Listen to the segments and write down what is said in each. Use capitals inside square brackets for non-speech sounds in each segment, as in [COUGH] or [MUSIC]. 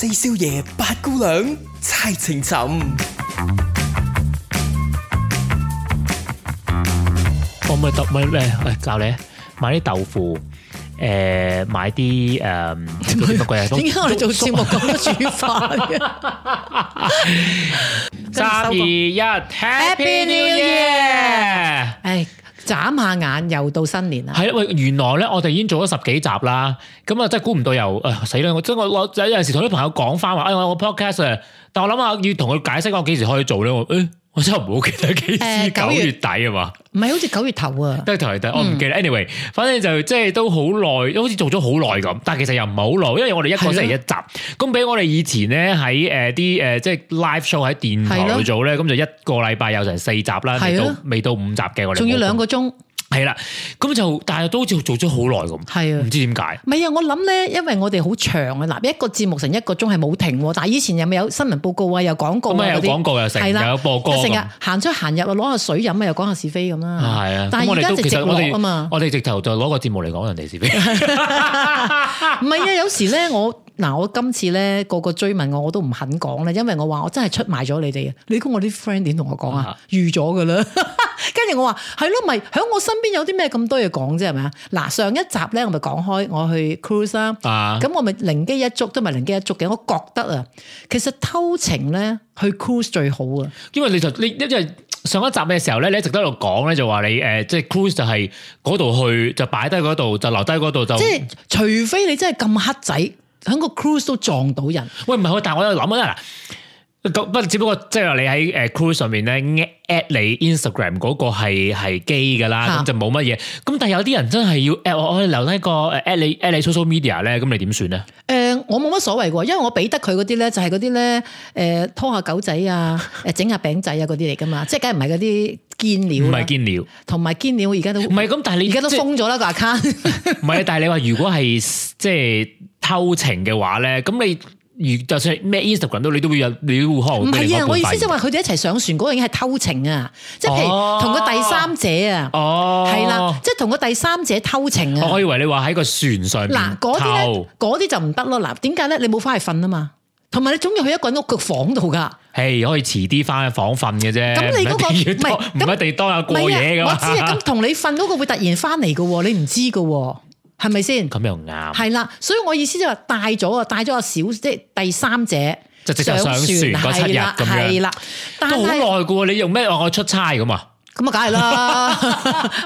四少爺八姑娘猜情尋，我咪豆咪咧，教你買啲豆腐，誒，買啲誒，點解我哋做節目講到煮飯？三二一，Happy New Year！眨下眼又到新年啦，係啊！喂，原來咧我哋已經做咗十幾集啦，咁啊真係估唔到又誒死啦！我真係我有有陣時同啲朋友講翻話，誒我 podcast，但我諗下要同佢解釋我幾時可以做咧，我誒我真係唔好記得幾時，九月底啊嘛，唔係好似九月頭啊，都係九月底。我唔記得。嗯、anyway，反正就即係都好耐，好似做咗好耐咁。但係其實又唔係好耐，因為我哋一個星期一集。咁俾是的 我哋以前咧喺誒啲誒即係 live show 喺電台度做咧，咁是的 就一個禮拜有成四集啦，是的 未到未到五集嘅。是的 我哋仲要兩個鐘。係啦，咁就但係都好似做咗好耐咁，唔的知點解？唔係啊，我諗咧，因為我哋好長啊，嗱，一個節目成一個鐘係冇停，但係以前又咪有新聞報告啊，又廣告，咁啊、嗯、些有廣告又成，係啦的，有播告播歌，成日行出行入啊，攞下水飲啊，又講下是非咁啦。係啊，但係而家就直我啊嘛，我哋直頭就攞個節目嚟講人哋是非。唔係啊，有時咧我。嗱，我今次咧個個追問我，我都唔肯講咧，因為我話我真係出賣咗你哋啊！你估我啲 friend 點同我講啊？預咗噶啦，跟 [LAUGHS] 住我話係咯，咪喺我身邊有啲咩咁多嘢講啫？係咪啊？嗱，上一集咧，我咪講開我去 cruise 啦、啊，咁、啊、我咪靈機一觸，都咪靈機一觸嘅。我覺得啊，其實偷情咧去 cruise 最好啊，因為你就你因為上一集嘅時候咧，你一直都喺度講咧，就話你誒即係 cruise 就係嗰度去就擺低嗰度就留低嗰度就，就即係除非你真係咁黑仔。喺個 cruise 都撞到人，喂唔係，但係我又度諗啊，嗱，不只不過即係話你喺誒 cruise 上面咧 at 你 Instagram 嗰個係係 gay 噶啦，咁哈就冇乜嘢。咁但係有啲人真係要 at 我，我留低個誒、啊、at 你 at 你 social media 咧，咁你點算咧？我冇乜所謂喎，因為我俾得佢嗰啲咧，就係嗰啲咧，誒、呃、拖下狗仔啊，誒整下餅仔啊嗰啲嚟噶嘛，即係梗係唔係嗰啲堅料，啊？唔係堅料，同埋堅料，而家都唔係咁，但係你而家都封咗啦即個 account。唔係，但係你話如果係即係偷情嘅話咧，咁你。而就算係咩 Instagram 都，你都會有，你都會好。唔係啊，我意思即係話佢哋一齊上船嗰個已經係偷情啊，即係譬如同個第三者啊，係啦，即係同個第三者偷情啊。我以為你話喺個船上嗱嗰啲嗰啲就唔得咯嗱，點解咧？你冇翻去瞓啊嘛，同埋你總要去一個人屋腳房度噶。誒，可以遲啲翻去房瞓嘅啫。咁你嗰個唔係，唔一定當日過夜噶嘛。我知啊，咁同你瞓嗰個會突然翻嚟嘅喎，你唔知嘅喎。係咪先？咁又啱。係啦，所以我意思就話帶咗啊，帶咗個小，即係第三者就直上船七日，係啦係啦，都好耐嘅喎。是你用咩話我出差咁啊？咁啊，梗係啦！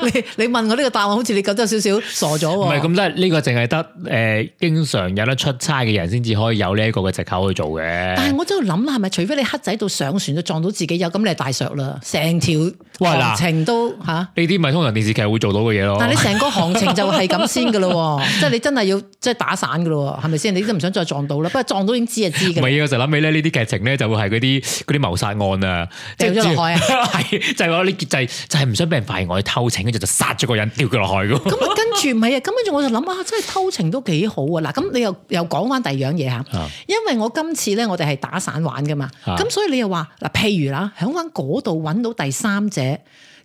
你你問我呢個答案，好似你覺得有少少傻咗喎。唔係，咁即係呢個淨係得誒經常有得出差嘅人先至可以有呢一個嘅藉口去做嘅。但係我喺度諗啦，係咪除非你黑仔到上船就撞到自己，有咁你大石啦，成條行程都嚇？呢啲咪通常電視劇會做到嘅嘢咯。但係你成個行程就係咁先㗎咯，即係 [LAUGHS] 你真係要即係打散㗎咯，係咪先？你都唔想再撞到啦。不過撞到已經知就知嘅。唔係啊，就諗起呢啲劇情咧就會係嗰啲嗰啲謀殺案啊，掉咗落海啊，係招牢就係話你就係唔想俾人發現我去偷情，跟住就殺咗個人，丟佢落海噶。咁啊 [LAUGHS] 跟住唔係啊，咁跟住我就諗啊，真係偷情都幾好啊。嗱，咁你又又講翻第二樣嘢吓，因為我今次咧，我哋係打散玩噶嘛，咁、啊、所以你又話嗱，譬如啦，響翻嗰度搵到第三者。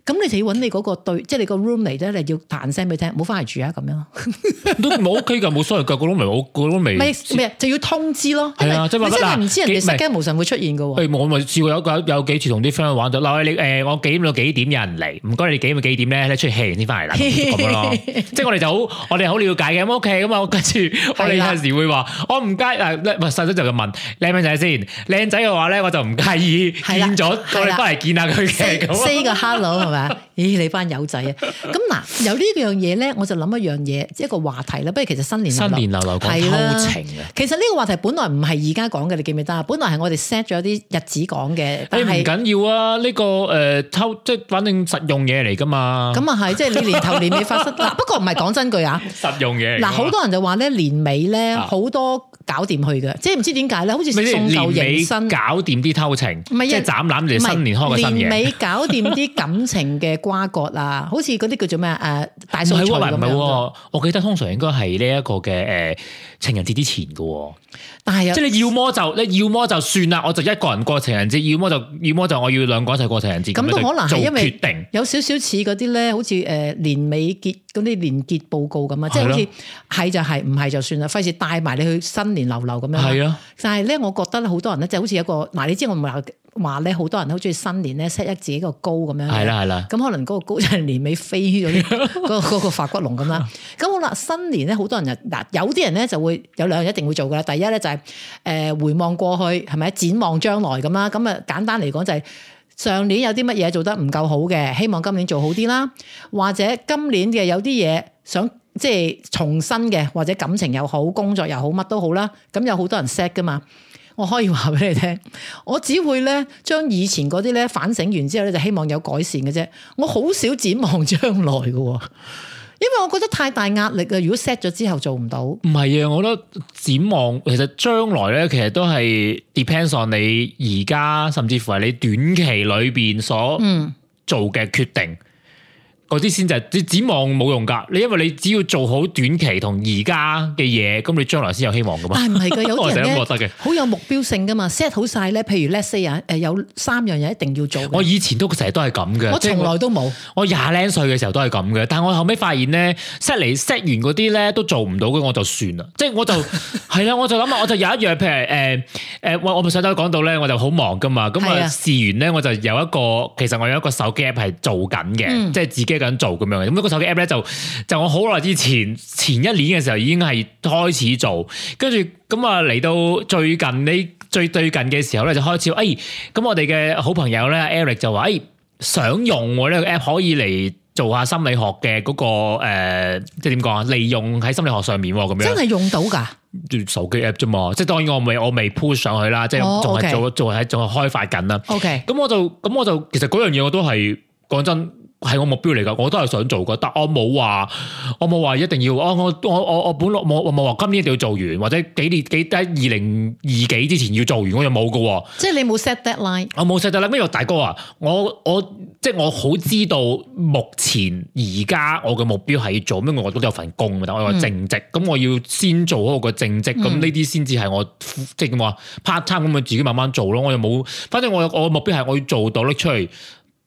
咁你，要你就要、是、揾你嗰個對，即係你個 room 嚟啫，你要彈聲俾佢聽，唔好翻嚟住啊咁樣。都唔 OK 㗎，冇所謂嘅，嗰攞嚟，好，嗰攞嚟。唔係麼，就要通知咯。係啊，即係即唔知人哋時機無常會出現嘅喎。我咪、啊啊哎、試過有有幾次同啲 friend 玩到嗱，你誒我幾點到幾點有人嚟，唔該你幾點幾點咧，你出嚟先翻嚟啦咁樣咯。即係 [LAUGHS] 我哋就好，我哋好了解嘅，咁、嗯、OK 咁啊，跟住我哋有時會啦我、啊、話我唔介誒，唔細心就問靚唔靚仔先，靚仔嘅話咧我就唔介意見咗，我哋翻嚟見下佢嘅咁。say 個 hello。係嘛？咦，你班友仔啊！咁嗱，有呢樣嘢咧，我就諗一樣嘢，一個話題啦。不如其實新年流流新年流流講、啊、偷情嘅、啊，其實呢個話題本來唔係而家講嘅，你記唔記得啊？本來係我哋 set 咗啲日子講嘅，你唔緊要啊。呢、這個誒、呃、偷，即係反正實用嘢嚟噶嘛。咁啊係，即係你年頭年尾發生嗱。 [LAUGHS] 不過唔係講真句啊， [LAUGHS] 實用嘢嗱，好多人就話咧年尾咧好多。 [LAUGHS] 搞掂去嘅，即係唔知點解咧，好似送舊迎新，搞掂啲偷情，是即係斬纜你新年開嘅新年，未搞掂啲感情嘅瓜葛啊， [LAUGHS] 好似嗰啲叫做咩誒、啊、大菜咁樣。唔係唔係，我記得通常應該係呢一個嘅誒、呃、情人節之前嘅、哦。但係又，即係你要麼就，你要麼就算啦，我就一個人過情人節，要麼就，要麼就我要兩個一齊過情人節。咁都可能係，因為決定有少少似嗰啲咧，好似誒年尾結嗰啲年結報告咁啊，即係好似係就係、係，唔係就算啦，費事帶埋你去新年流流咁樣。係啊，但係咧，我覺得好多人咧，就好似一個，嗱、啊，你知我咪話，話咧，好多人都好中意新年咧 set 一自己個高咁樣，係啦，係啦，咁可能嗰個高就年尾飛咗，嗰個嗰個發骨龍咁啦。咁好啦，新年咧，好多人就嗱，有啲人咧就會有兩樣一定會做噶啦。第一咧就係、是、誒、呃、回望過去，係咪展望將來咁啦？咁啊簡單嚟講就係、是、上年有啲乜嘢做得唔夠好嘅，希望今年做好啲啦。或者今年嘅有啲嘢想即係重新嘅，或者感情又好，工作又好，乜都好啦。咁有好多人 set 噶嘛。我可以話俾你聽，我只會咧將以前嗰啲咧反省完之後咧就希望有改善嘅啫。我好少展望將來嘅，因為我覺得太大壓力啊。如果 set 咗之後做唔到，唔係啊，我覺得展望其實將來咧，其實，其實都係 depends on 你而家，甚至乎係你短期裏邊所做嘅決定。嗯嗰啲先就你指望冇用噶，你因為你只要做好短期同而家嘅嘢，咁你將來先有希望噶嘛。我成日都覺得嘅，有 [LAUGHS] 好有目標性噶嘛，set 好晒咧。譬如 let's say 誒有三樣嘢一定要做。我以前都成日都係咁嘅，我從來都冇。我廿零歲嘅時候都係咁嘅，但係我後尾發現咧 set 嚟 set 完嗰啲咧都做唔到嘅，我就算啦，即係我就係啦， [LAUGHS] 我就諗下，我就有一樣，譬如誒誒，喂、呃呃，我上頭講到咧，我就好忙噶嘛，咁啊，試完咧我就有一個，其實我有一個手機 app 係做緊嘅，嗯、即係自己。緊做咁樣嘅，咁、那、嗰個手機 app 咧就就我好耐之前前一年嘅時候已經係開始做，跟住咁啊嚟到最近你最最近嘅時候咧就開始，哎，咁我哋嘅好朋友咧 Eric 就話，哎，想用我呢個 app 可以嚟做下心理學嘅嗰、那個誒、呃，即係點講啊，利用喺心理學上面咁樣，真係用到噶？手機 app 啫嘛，即係當然我未我未 push 上去啦，即係仲係做仲係仲係開發緊啦。OK，咁我就咁我就其實嗰樣嘢我都係講真。係我目標嚟噶，我都係想做噶，但我冇話，我冇話一定要，我我我我我本來冇，我冇話今年一定要做完，或者幾年幾得二零二幾之前要做完，我又冇噶。即係你冇 set that line？我冇 set that line，因為大哥啊，我我即係我好知道目前而家我嘅目標係要做，因為我都有份工嘅，但係我係正職，咁、嗯、我要先做嗰個正職，咁呢啲先至係我即係點話 part time 咁，咪、嗯、自己慢慢做咯。我又冇，反正我我目標係我要做到拎出去。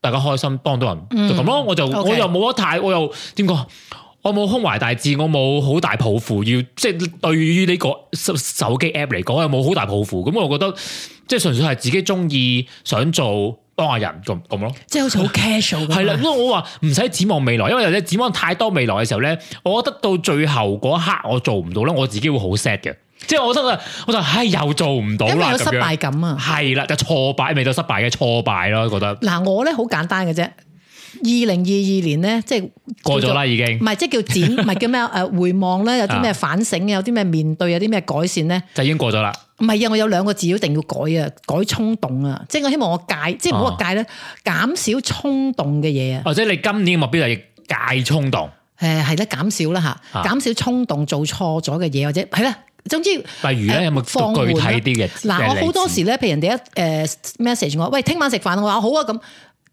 大家開心，幫到人，嗯、就咁咯。我就 okay. 我又冇得太，我又點講？我冇胸懷大志，我冇好大抱負。要即係對於呢個手手機 app 嚟講，又冇好大抱負。咁我又覺得即係純粹係自己中意，想做幫下人咁咁咯。即係好似好 casual。係啦， [LAUGHS] 咁我話唔使展望未來，因為有啲展望太多未來嘅時候咧，我覺得到最後嗰一刻我做唔到咧，我自己會好 sad 嘅。即係我覺得啊，我就係又做唔到啦咁樣。因為有失敗感啊，係啦，就挫敗未到失敗嘅挫敗咯，覺得。嗱，我咧好簡單嘅啫。二零二二年咧，即係過咗啦，已經。唔係，即係叫剪，唔係叫咩？誒，回望咧，有啲咩反省，有啲咩面對，有啲咩改善咧，就已經過咗啦。唔係啊，我有兩個字一定要改啊，改衝動啊。即係我希望我戒，即係唔好話戒咧，減少衝動嘅嘢啊。或者你今年嘅目標就係戒衝動？誒，係咧，減少啦吓，減少衝動做錯咗嘅嘢，或者係啦。總之，例如咧，有冇都緩具體啲嘅？嗱，我好多時咧，譬如人哋一誒、呃、message 我，喂，聽晚食飯，我話好啊咁。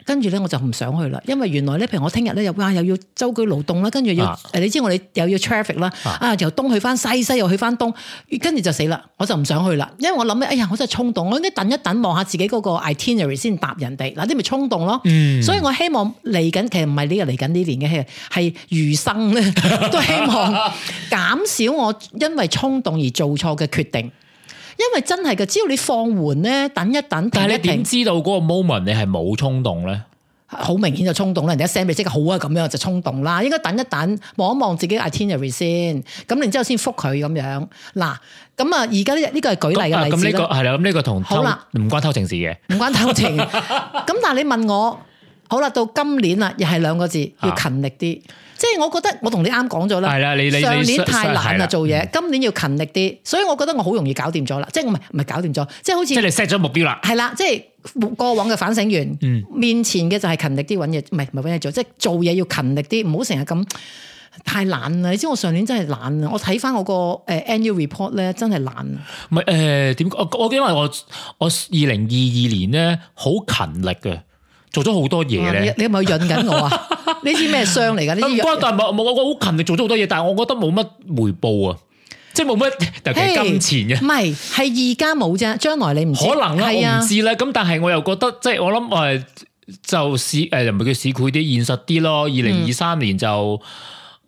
跟住咧我就唔想去啦，因為原來咧，譬如我聽日咧又啊又要周居勞動啦，跟住要誒、啊、你知我哋又要 traffic 啦、啊，啊由東去翻西，西又去翻東，跟住就死啦，我就唔想去啦，因為我諗起，哎呀，我真係衝動，我應該等一等，望下自己嗰個 itinerary 先搭人哋，嗱呢咪衝動咯，嗯、所以我希望嚟緊其實唔係呢個嚟緊呢年嘅係係餘生咧，都希望減少我因為衝動而做錯嘅決定。因為真係噶，只要你放緩咧，等一等，但係你點知道嗰個 moment 你係冇衝動咧？好明顯就衝動啦！人哋一 send 俾，即係好啊，咁樣就衝動啦。應該等一等，望一望自己 itinerary 先，咁然之後先復佢咁樣。嗱，咁啊，而家呢呢個係舉例嘅例子呢啦。係啦，咁呢、這個同、這個、好啦了，唔關偷情的事嘅，唔關偷情。咁 [LAUGHS] 但係你問我？好啦，到今年啦，又係兩個字，要勤力啲。啊、即係我覺得我同你啱講咗啦。係啦、啊，你你上年太懶啦，啊嗯、做嘢，今年要勤力啲。所以我覺得我好容易搞掂咗啦。即係唔係唔係搞掂咗？即係好似即係你 set 咗目標啦。係啦，即係過往嘅反省完，嗯、面前嘅就係勤力啲揾嘢，唔係唔係揾嘢做，即係做嘢要勤力啲，唔好成日咁太懶啦。你知我上年真係懶啊！我睇翻我個誒 annual report 咧，真係懶啊。唔係誒，點我我因為我我二零二二年咧好勤力嘅。做咗好多嘢咧、嗯，你係咪引緊我啊？呢啲咩傷嚟噶？呢、嗯、關，但係冇冇我好勤力做咗好多嘢，但係我覺得冇乜回報啊，即係冇乜，尤其金錢嘅、啊。唔係、hey，係而家冇啫，將來你唔可能啦、啊，我唔知啦。咁是、啊、但係我又覺得，即係我諗誒，就市誒，又唔叫市儈啲，現實啲咯。二零二三年就誒，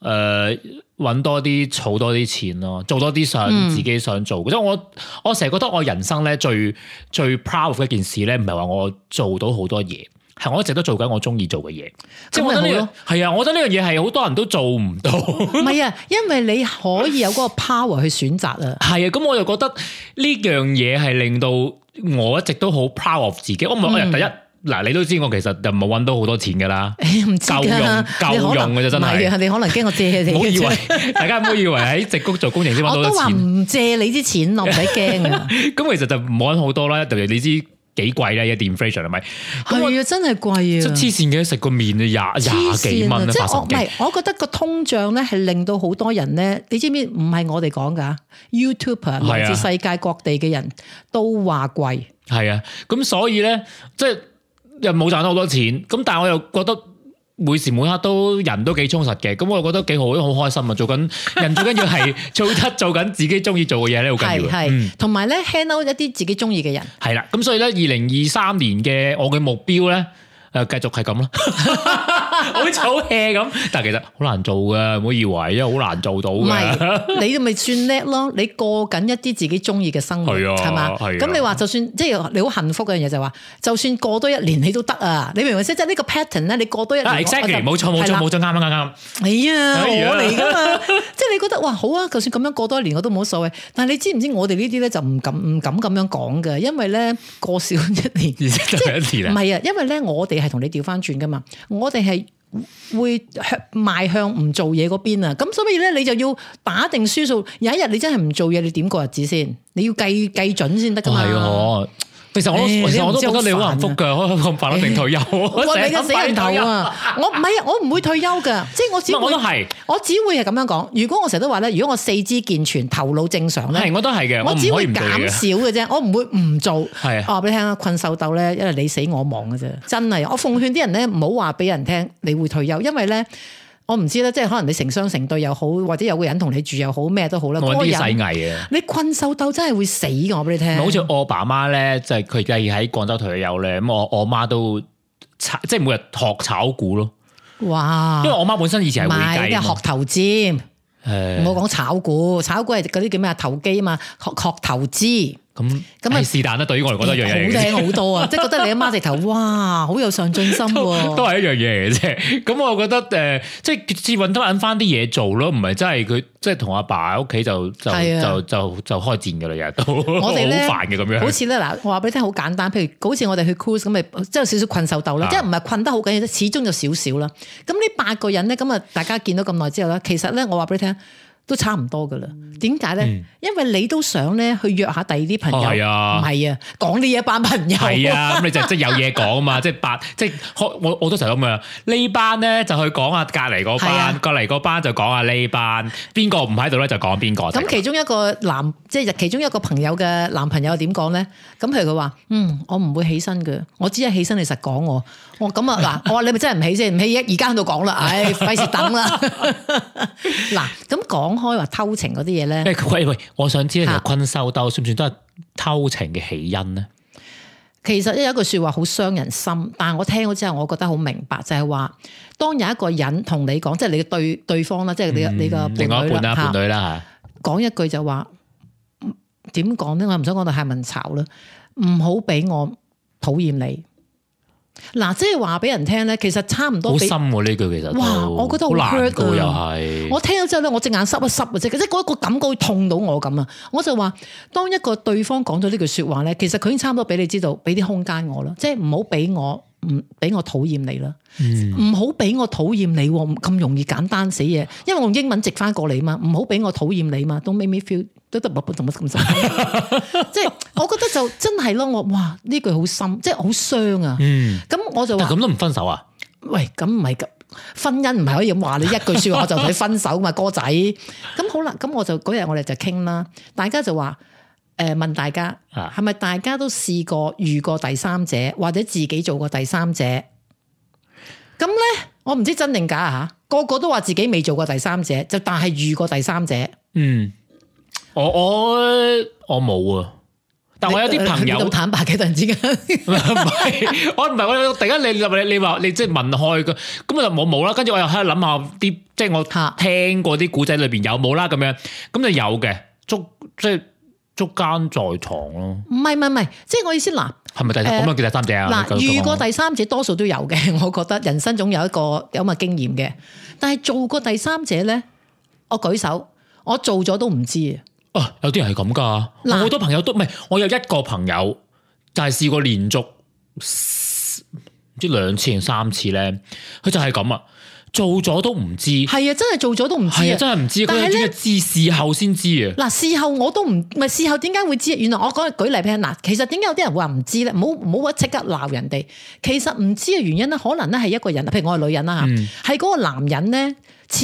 搵、呃、多啲，儲多啲錢咯，做多啲想自己想做。即係、嗯、我，我成日覺得我人生咧最最 proud 嘅一件事咧，唔係話我做到好多嘢。係我一直都做緊我中意做嘅嘢，即係是 我覺得係啊，我覺得呢樣嘢係好多人都做唔到。唔係啊，因為你可以有嗰個 power 去選擇啊。係 [LAUGHS] 啊，咁我就覺得呢樣嘢係令到我一直都好 proud of 自己。我唔係、嗯、第一，嗱，你都知我其實就冇搵到好多錢噶啦，夠用夠用嘅啫，真係。你可能驚我借你， [LAUGHS] 以為 [LAUGHS] 大家唔好以為喺矽谷做工程先搵到錢。都話唔借你啲錢咯，唔使驚啊。咁 [LAUGHS] [LAUGHS] 其實就冇搵好多啦，特別你知。幾貴咧？一電 fusion 係咪？係、嗯、我啊，真係貴啊！即係黐線嘅，食個麵都廿廿幾蚊啊！即係唔係？我覺得個通脹咧係令到好多人咧，你知唔知不？唔係我哋講噶，YouTuber 嚟自世界各地嘅人都話貴。係啊，咁、啊、所以咧，即係又冇賺到好多錢。咁但係我又覺得。每時每刻都人都幾充實嘅，咁我就覺得幾好，都好開心啊！做緊人最緊要係做得做緊自己中意做嘅嘢咧，好緊 [LAUGHS] 要。係係，同埋咧 handle 一啲自己中意嘅人。係啦，咁所以咧，二零二三年嘅我嘅目標咧。誒繼續係咁啦，好吵氣咁。但係其實好難做嘅，唔好以為，因為好難做到你咁咪算叻咯？你過緊一啲自己中意嘅生活係啊，係嘛？咁你話就算即係你好幸福嘅樣嘢，就係話，就算過多一年你都得啊！你明唔明先？即係呢個 pattern 咧，你過多一年，你 secure 冇錯冇錯冇錯啱啊啱啱。係啊，我嚟㗎嘛！即係你覺得哇好啊，就算咁樣過多一年我都冇所謂。但係你知唔知我哋呢啲咧就唔敢唔敢咁樣講嘅，因為咧過少一年，即係唔係啊？因為咧我哋。係同你調翻轉噶嘛，我哋係會向邁向唔做嘢嗰邊啊，咁所以咧，你就要打定輸數，有一日你真係唔做嘢，你點過日子先？你要計計準先得噶嘛。哦其實我，欸、其實我都覺得你好幸福嘅，可可咁快都退休。你嘅死人頭啊 [LAUGHS] ，我唔係，我唔會退休嘅，即係我只。我都係，我只會係咁樣講。如果我成日都話咧，如果我四肢健全、頭腦正常咧，係、嗯，我都係嘅。我只會減少嘅啫，我唔會唔做。係的，話俾你聽啊，困獸鬥咧，因為你死我亡嘅啫。真係，我奉勸啲人咧，唔好話俾人聽你會退休，因為咧。我唔知啦，即係可能你成雙成對又好，或者有個人同你住又好，咩都好啦。多啲世藝啊！你困獸鬥真係會死嘅，我俾你聽。好似我爸媽咧，就係佢繼喺廣州台嘅友咧，咁我我媽都即係每日學炒股咯。哇！因為我媽本身以前係會計嘅學投資，唔好講唉炒股，炒股係嗰啲叫咩啊？投機啊嘛，學學投資。咁咁啊，是但啦。對於我嚟講，都一樣嘢，好正好多啊！ [LAUGHS] 即係覺得你阿媽直頭，哇，好有上進心喎、啊。都係一樣嘢嘅啫。咁、嗯、我覺得誒、呃，即係至揾都揾翻啲嘢做咯，唔係真係佢即係同阿爸喺屋企就就的就就就，就，就開戰嘅啦，日日都好煩嘅咁樣。好似咧嗱，我話俾你聽，好簡單，譬如好似我哋去 cruise 咁，咪即係少少困獸鬥啦。即係唔係困得好緊要始終有少少啦。咁呢八個人咧，咁啊，大家見到咁耐之後咧，其實咧，我話俾你聽。都差唔多噶啦，點解咧？嗯、因為你都想咧去約下第二啲朋友，係、哦、啊，唔係啊，講呢一班朋友，係啊，咁、 [LAUGHS] 嗯、你就即係有嘢講嘛，即係八，即係我我，我都成日咁樣。呢班咧就去講下隔籬嗰班，隔籬嗰班就講下呢班。邊個唔喺度咧就講邊個。咁其中一個男，即係其中一個朋友嘅男朋友點講咧？咁譬如佢話：嗯，我唔會起身噶，我只係起身你實講我。我咁啊嗱， [LAUGHS] 我話你咪真係唔起先，唔起而而家喺度講啦，唉，費事等啦。嗱，咁講。開話偷情嗰啲嘢咧，喂喂，我想知咧，坤收，但算唔算都係偷情嘅起因咧？其實咧有一句說話好傷人心，但我聽咗之後，我覺得好明白，就係、是、話，當有一個人同你講，即係你對對方啦，即係、嗯、你你個另一半啦，是伴侶啦吓，講一句就話，點講咧？我唔想講到太文嘲啦，唔好俾我討厭你。嗱，即係話俾人聽咧，其實差唔多好深喎，呢句其實。哇，我覺得好 hurt 啊又係是。我聽咗之後咧，我隻眼濕一濕嘅啫，即係嗰個感覺會痛到我咁啊！我就話，當一個對方講咗呢句說話咧，其實佢已經差唔多俾你知道，俾啲空間我啦，即係唔好俾我唔俾我討厭你啦，唔好俾我討厭你，咁容易簡單死嘢，因為我用英文直翻過嚟嘛，唔好俾我討厭你嘛，都 make me feel。都得乜乜咁即係我覺得就真係咯。我哇，呢句好深，即係好傷啊。咁、嗯、我就咁都唔分手啊？喂，咁唔係噶，婚姻唔係可以咁話你一句說話就同分手嘛，哥仔。咁好啦，咁我就嗰日我哋就傾啦，大家就話誒、呃、問大家係咪大家都試過遇過第三者，或者自己做過第三者？咁咧，我唔知真定假吓、啊，個個都話自己未做過第三者，就但係遇過第三者。嗯。我我我冇啊！但我有啲朋友坦白嘅，突然之間唔係我唔係我，我，突然間你你你話你即係問開嘅，咁我就冇冇啦。跟住我又喺度諗下啲，即係我聽過啲古仔裏邊有冇啦，咁樣咁就有嘅，捉即係捉奸在床咯。唔係唔係唔係，即係我意思嗱，係咪第三咁樣叫第三者啊？嗱，遇過第三者多數都有嘅，我覺得人生總有一個咁嘅經驗嘅。但係做過第三者咧，我舉手，我做咗都唔知。哦，有啲人係咁噶，喇我好多朋友都唔係，我有一個朋友，就係試過連續唔知兩次定三次咧，佢就係咁啊，做咗都唔知。係啊，真係做咗都唔知、啊、知，知。係，真係唔知。但係咧，至事後先知啊。嗱，事後我都唔係事後點解會知？原來我講舉例子嗱，其實點解有啲人會話唔知咧？唔好唔好話即刻鬧人哋。其實唔知嘅原因咧，可能咧係一個人，譬如我係女人啦吓，係嗰、嗯、個男人咧。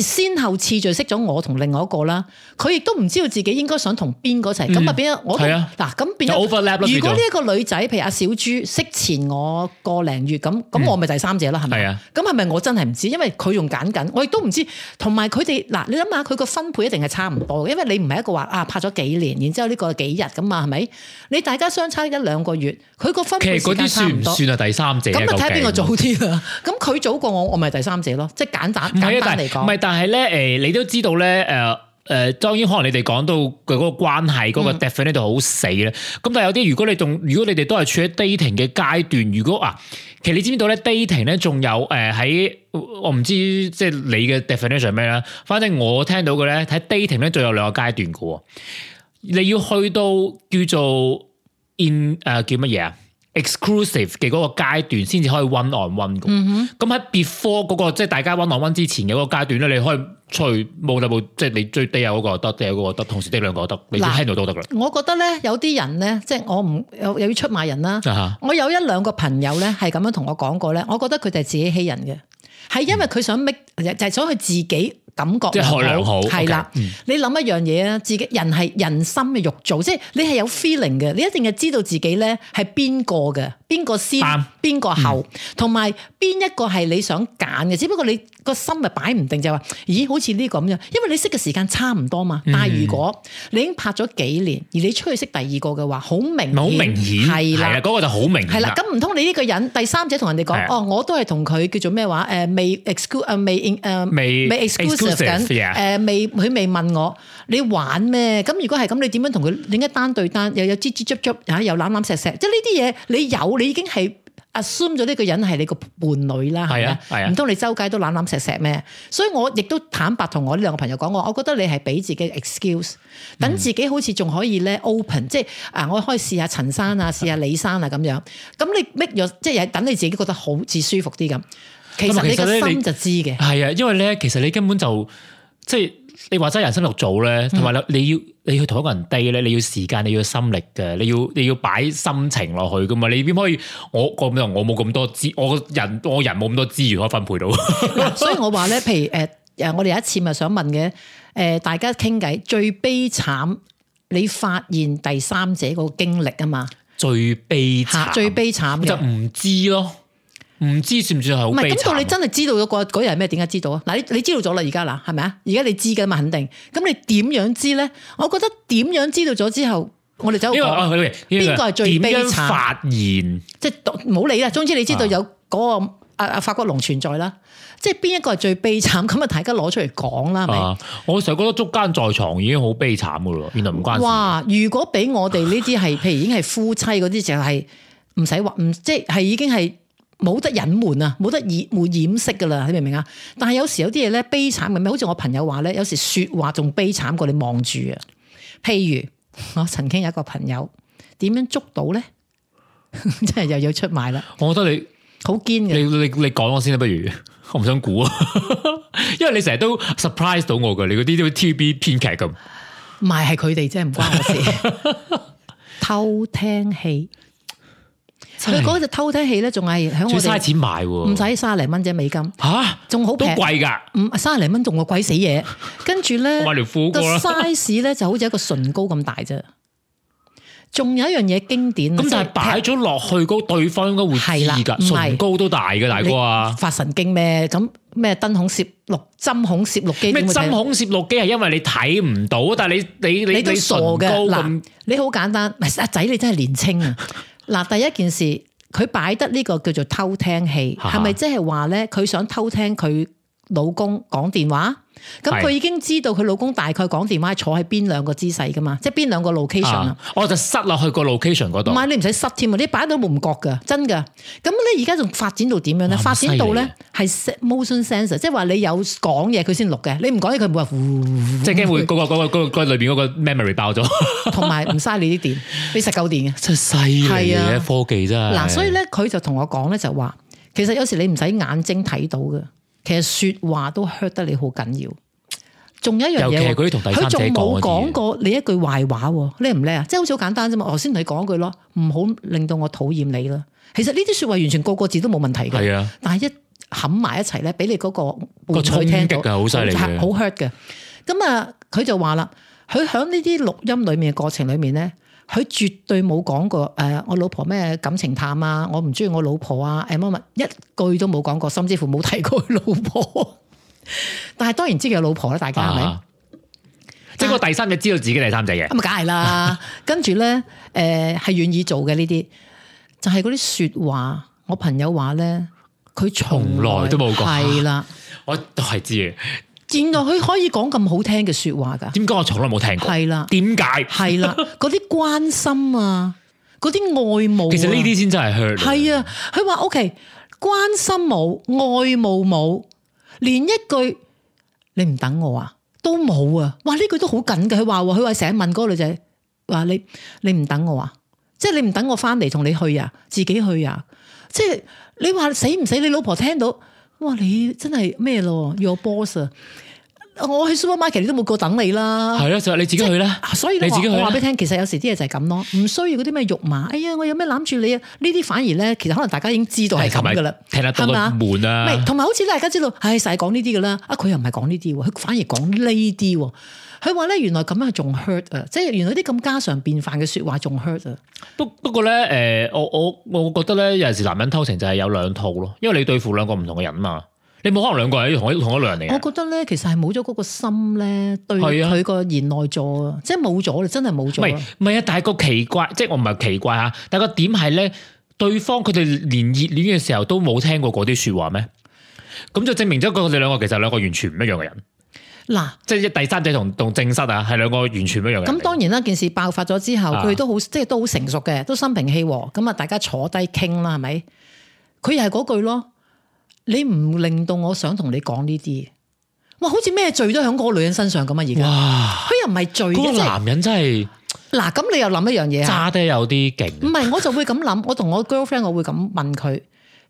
先後次序識咗我同另外一個啦，佢亦都唔知道自己應該想同邊個一齊，咁、嗯嗯、啊，啊變咗我嗱咁變。有 overlap 咯。如果呢一個女仔，譬如阿小朱，識前我個零月咁，咁我咪第三者咯，係咪、嗯、吧啊？咁係咪我真係唔知？因為佢仲揀緊，我亦都唔知。同埋佢哋嗱，你諗下佢個分配一定係差唔多，因為你唔係一個話啊拍咗幾年，然之後呢個幾日咁嘛，係咪？你大家相差一兩個月，佢個分配其實嗰啲算唔算係第三者咁啊睇下邊個早啲啊？咁佢早過我，我咪第三者咯，即係簡單簡單嚟講是。但係咧，誒、呃，你都知道咧，誒、呃，誒、呃，當然可能你哋講到佢嗰個關係，嗰個 definition 度好死咧。咁但係有啲，如果你仲，如果你哋都係處喺 dating 嘅階段，如果啊，其實你知唔、呃、知道咧，dating 咧仲有誒喺，我唔知即係你嘅 definition 咩咧？反正我聽到嘅咧，睇 dating 咧，仲有兩個階段嘅。你要去到叫做 in 誒、呃、叫乜嘢啊？exclusive 嘅嗰個階段先至可以 one on one 咁喺、mm hmm. before 嗰、那個即係、就是、大家 one on one 之前嘅嗰個階段咧，你可以除冇就冇，即係你最低有嗰個得，低有嗰個得，同時低兩個得，嗱喺到都得嘅。我覺得咧，有啲人咧，即係我唔有又要出賣人啦，uh huh. 我有一兩個朋友咧係咁樣同我講過咧，我覺得佢哋係自己欺人嘅，係因為佢想搣、嗯、就係想佢自己。感覺良好，係啦了。嗯、你諗一樣嘢啊，自己人係人心嘅肉做，即係你係有 feeling 嘅，你一定係知道自己咧係邊個嘅。邊個先？邊個後？同埋邊一個係你想揀嘅？只不過你個心咪擺唔定，就話咦？好似呢個咁樣，因為你識嘅時間差唔多嘛。但係如果你已經拍咗幾年，而你出去識第二個嘅話，好明顯，係啦，嗰個就好明顯。係啦，咁唔通你呢個人第三者同人哋講哦，我都係同佢叫做咩話？誒，未 exclusive 誒，未未 exclusive 緊誒，未佢未問我你玩咩？咁如果係咁，你點樣同佢拎一單對單？又有唧唧 jump jump 吓，又攬攬錫錫，即係呢啲嘢你有。你已經係 assume 咗呢個人係你個伴侶啦，係啊，唔通、啊、你周街都攬攬錫錫咩？所以我亦都坦白同我呢兩個朋友講，我我覺得你係俾自己 excuse，等自己好似仲可以咧 open，嗯、即係啊，我可以試下陳生啊，試下李生啊咁樣。咁你 make 咗，即係等你自己覺得好似舒服啲咁。其實你個心就知嘅。係啊，因為咧，其實你根本就即係。你話真人生六組咧，同埋你你要你要，你要同一個人低咧，你要時間，你要心力嘅，你要你要擺心情落去噶嘛？你點可以？我咁樣，我冇咁多資，我人我人冇咁多資源可以分配到。 [LAUGHS] 所以我話咧，譬如誒誒、呃，我哋有一次咪想問嘅，誒、呃，大家傾偈最悲慘，你發現第三者嗰個經歷啊嘛？最悲慘，最悲慘就唔知咯。唔知算唔算係好？唔係咁到你真係知道咗嗰日係咩？點解知道啊？嗱，你你知道咗啦，而家啦係咪啊？而家你知噶嘛？肯定。咁你點樣知咧？我覺得點樣知道咗之後，我哋就邊個係最悲慘？發現，即係唔好理啦。總之你知道有嗰個阿阿法國龍存在啦。即係邊一個係最悲慘？咁啊，大家攞出嚟講啦。係咪啊！我成日覺得捉奸在床已經好悲慘噶啦，原來唔關事。哇！如果俾我哋呢啲係， [LAUGHS] 譬如已經係夫妻嗰啲就係唔使話，唔即係已經係。冇得隱瞞啊，冇得掩掩掩飾噶啦，你明唔明啊？但係有時有啲嘢咧，悲慘嘅咩？好似我朋友話咧，有時說話仲悲慘過你望住啊。譬如我曾經有一個朋友，點樣捉到咧？即 [LAUGHS] 係又要出賣啦！我覺得你好堅嘅，你你你講我先啦，不如我唔想估啊， [LAUGHS] 因為你成日都 surprise 到我嘅，你嗰啲都 TV 編劇咁，唔係係佢哋啫，唔關我事， [LAUGHS] 偷聽器。佢嗰隻偷聽器咧，仲係喺我哋，要花錢買，唔使卅零蚊啫，美金。吓、啊，仲好貴噶，唔卅零蚊仲個鬼死嘢。跟住咧，買條褲個 size 咧就好似一個唇膏咁大啫。仲有一樣嘢經典。咁但係擺咗落去，嗰對方應該會知噶。唇膏都大嘅大哥啊！發神經咩？咁咩燈孔攝錄針孔攝錄機咩？針孔攝錄機係因為你睇唔到，但係你你你你，都傻嘅，你唇膏你好簡單，阿仔你真係年青啊！ [LAUGHS] 嗱，第一件事佢擺得呢個叫做偷聽器，係咪即係話咧？佢想偷聽佢老公講電話？咁佢已經知道佢老公大概講電話坐喺邊兩個姿勢噶嘛，即係邊兩個 location 啊？我就塞落去個 location 嗰度。唔係你唔使塞添啊，你擺到冇唔覺噶，真噶。咁咧而家仲發展到點樣咧？發展到咧係 motion sensor，即係話你有講嘢佢先錄嘅，你唔講嘢佢唔會話。即係驚會嗰個嗰個嗰個嗰裏邊嗰個 memory 爆咗，同埋唔嘥你啲電，你實夠電嘅，真係犀利啊，科技真係。嗱，所以咧佢就同我講咧就話，其實有時你唔使眼睛睇到嘅。其實說話都 hurt 得你好緊要，仲有一樣嘢，其實嗰啲同第三者講，佢仲冇講過你一句壞話，叻唔叻啊？即係好似好簡單啫嘛。我先同你講一句咯，唔好令到我討厭你啦。其實呢啲說話完全個個字都冇問題嘅，係啊的。但係一冚埋一齊咧，俾你嗰個伴侶聽到，衝擊啊，好犀利好 hurt 嘅。咁啊，佢、嗯、就話啦，佢響呢啲錄音裏面嘅過程裏面咧。佢絕對冇講過誒、呃，我老婆咩感情淡啊，我唔中意我老婆啊，誒乜乜，一句都冇講過，甚至乎冇提過佢老婆。但係當然知佢有老婆啦，大家係咪？即係個第三者知道自己第三仔嘅，咁啊梗係啦。 [LAUGHS] 跟住咧，誒係願意做嘅呢啲，就係嗰啲說話。我朋友話咧，佢從來，來都冇講係啦，的啊、我都係知嘅。原來佢可以講咁好聽嘅說話噶？點解我從來冇聽過？係啦的，點解？係啦，嗰啲關心啊，嗰啲愛慕，其實呢啲先真係 hurt。係啊，佢話 O K，關心冇，愛慕冇，連一句你唔等我啊，都冇啊！哇，呢句都好緊嘅。佢話佢話成日問嗰個女仔話你你唔等我啊？即係你唔等我翻嚟，同你去啊？自己去啊？即係你話死唔死？你老婆聽到？哇！你真係咩咯？Your boss 啊？我去 supermarket，你都冇過等你啦。係咯，就你自己去啦。所以即你自己去我話俾你聽，其實有時啲嘢就係咁咯，唔需要嗰啲咩肉麻。哎呀，我有咩攬住你啊？呢啲反而咧，其實可能大家已經知道係咁噶啦。聽得多係嘛吧？悶啊！係，同埋好似大家知道成日講呢啲噶啦。啊，佢又唔係講呢啲，佢反而講呢啲。佢話咧，原來咁樣仲 hurt 啊！即係原來啲咁家常便飯嘅說話仲 hurt 啊！不不過咧，誒、呃，我我我覺得咧，有陣時男人偷情就係有兩套咯，因為你對付兩個唔同嘅人嘛，你冇可能兩個人同同一類型嚟。我覺得咧，其實係冇咗嗰個心咧，對佢個言內助啊，即係冇咗，真係冇咗。唔係啊，但係個奇怪，即係我唔係奇怪啊，但係個點係咧，對方佢哋連熱戀嘅時候都冇聽過嗰啲說話咩？咁就證明咗佢哋兩個其實兩個完全唔一樣嘅人。嗱，即係一第三者同同正室啊，係兩個完全唔一樣嘅。咁當然啦，件事爆發咗之後，佢都好，啊、即係都好成熟嘅，都心平氣和。咁啊，大家坐低傾啦，係咪？佢又係嗰句咯，你唔令到我想同你講呢啲。哇，好似咩罪都喺嗰個女人身上咁啊！而家哇，佢又唔係罪。嗰個男人真係。嗱是，咁、啊、你又諗一樣嘢揸渣得有啲勁。唔係，我就會咁諗，我同我 girlfriend，我會咁問佢。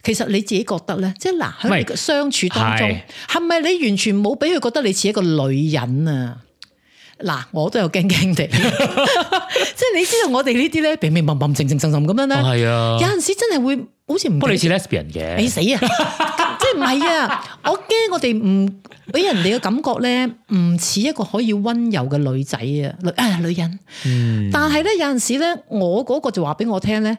其實你自己覺得咧，即係嗱，喺你相處當中，係咪是你完全冇俾佢覺得你似一個女人啊？嗱，我都有驚驚地， [LAUGHS] [LAUGHS] 即係你知道我哋呢啲咧，平平冧冧，靜靜靜靜咁樣咧，係啊。有陣時真係會好似唔，不過你似 lesbian 嘅，你、 [LAUGHS] 欸、死啊！即係唔係啊？我驚我哋唔俾人哋嘅感覺咧，唔似一個可以溫柔嘅女仔啊，女啊、哎、女人。但係咧，有陣時咧，我嗰個就話俾我聽咧。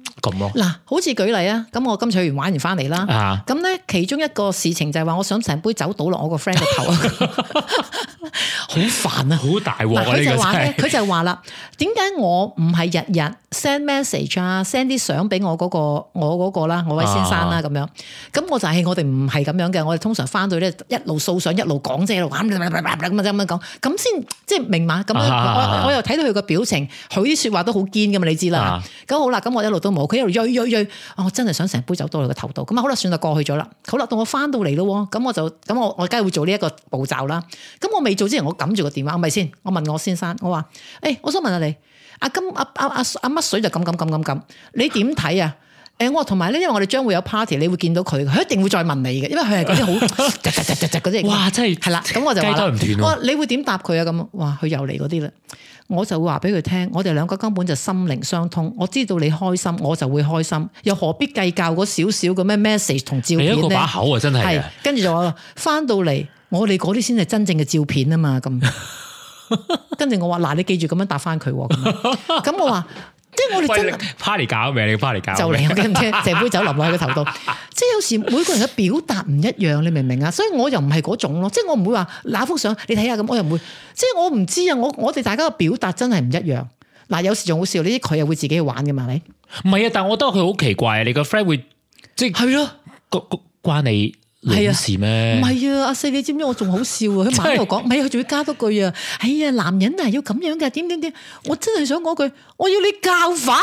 咁嗱，啊、好似舉例啊，咁我今次去完玩完返嚟啦，咁咧、啊、其中一個事情就係話，我想成杯酒倒落我個 friend 個頭， [LAUGHS] [LAUGHS] 好煩啊，好大鑊啊！佢就話咧，佢就話啦，點解我唔係日日？send message 啊，send 啲相俾我嗰個我嗰個啦，我位先生啦咁樣，咁我就係我哋唔係咁樣嘅，我哋通常翻到咧一路掃相，一路講啫，咁樣咁啊，咁樣講，咁先即係明碼，咁我又睇到佢個表情，佢啲說話都好堅噶嘛，你知啦，咁好啦，咁我一路都冇，佢一路銳銳銳，我真係想成杯酒倒落個頭度，咁啊好啦，算就過去咗啦，好啦，到我翻到嚟咯，咁我就咁我我梗係會做呢一個步驟啦，咁我未做之前，我撳住個電話，係咪先？我問我先生，我話，誒，我想問下你。阿金阿阿阿阿乜水就咁咁咁咁咁，你點睇啊？誒、嗯，我同埋咧，因為我哋將會有 party，你會見到佢，佢一定會再問你嘅，因為佢係嗰啲好嗰啲。哇！真係係啦，咁我就話，我話你會點答佢啊？咁，哇！佢又嚟嗰啲啦，我就會話俾佢聽，我哋兩個根本就心靈相通，我知道你開心，我就會開心，開心又何必計較嗰少少嘅咩 message 同照片呢？你一個把口啊，真係是的。跟住就話翻到嚟，我哋嗰啲先係真正嘅照片啊嘛，咁。跟住我話嗱，你記住咁樣答翻佢。咁，嗯，我話，即係我哋真 party 搞未？你 party 搞，你搞就嚟啦，驚唔驚？成杯酒淋落去個頭度。即係有時每個人嘅表達唔一樣，你明唔明啊？所以我又唔係嗰種咯，即係我唔會話那幅相，你睇下咁，我又唔會。即係我唔知啊，我我哋大家嘅表達真係唔一樣。嗱，有時仲好笑，呢啲佢又會自己去玩嘅嘛，係咪？唔係啊，但係我覺得佢好奇怪啊，你個 friend 會即係係咯，的關你。係啊，咩？唔係啊，阿四你知唔知我仲好笑的啊？佢猛喺度講，唔係佢仲要加多句啊！哎呀，男人啊，要咁樣嘅，點點點，我真係想講句，我要你教法。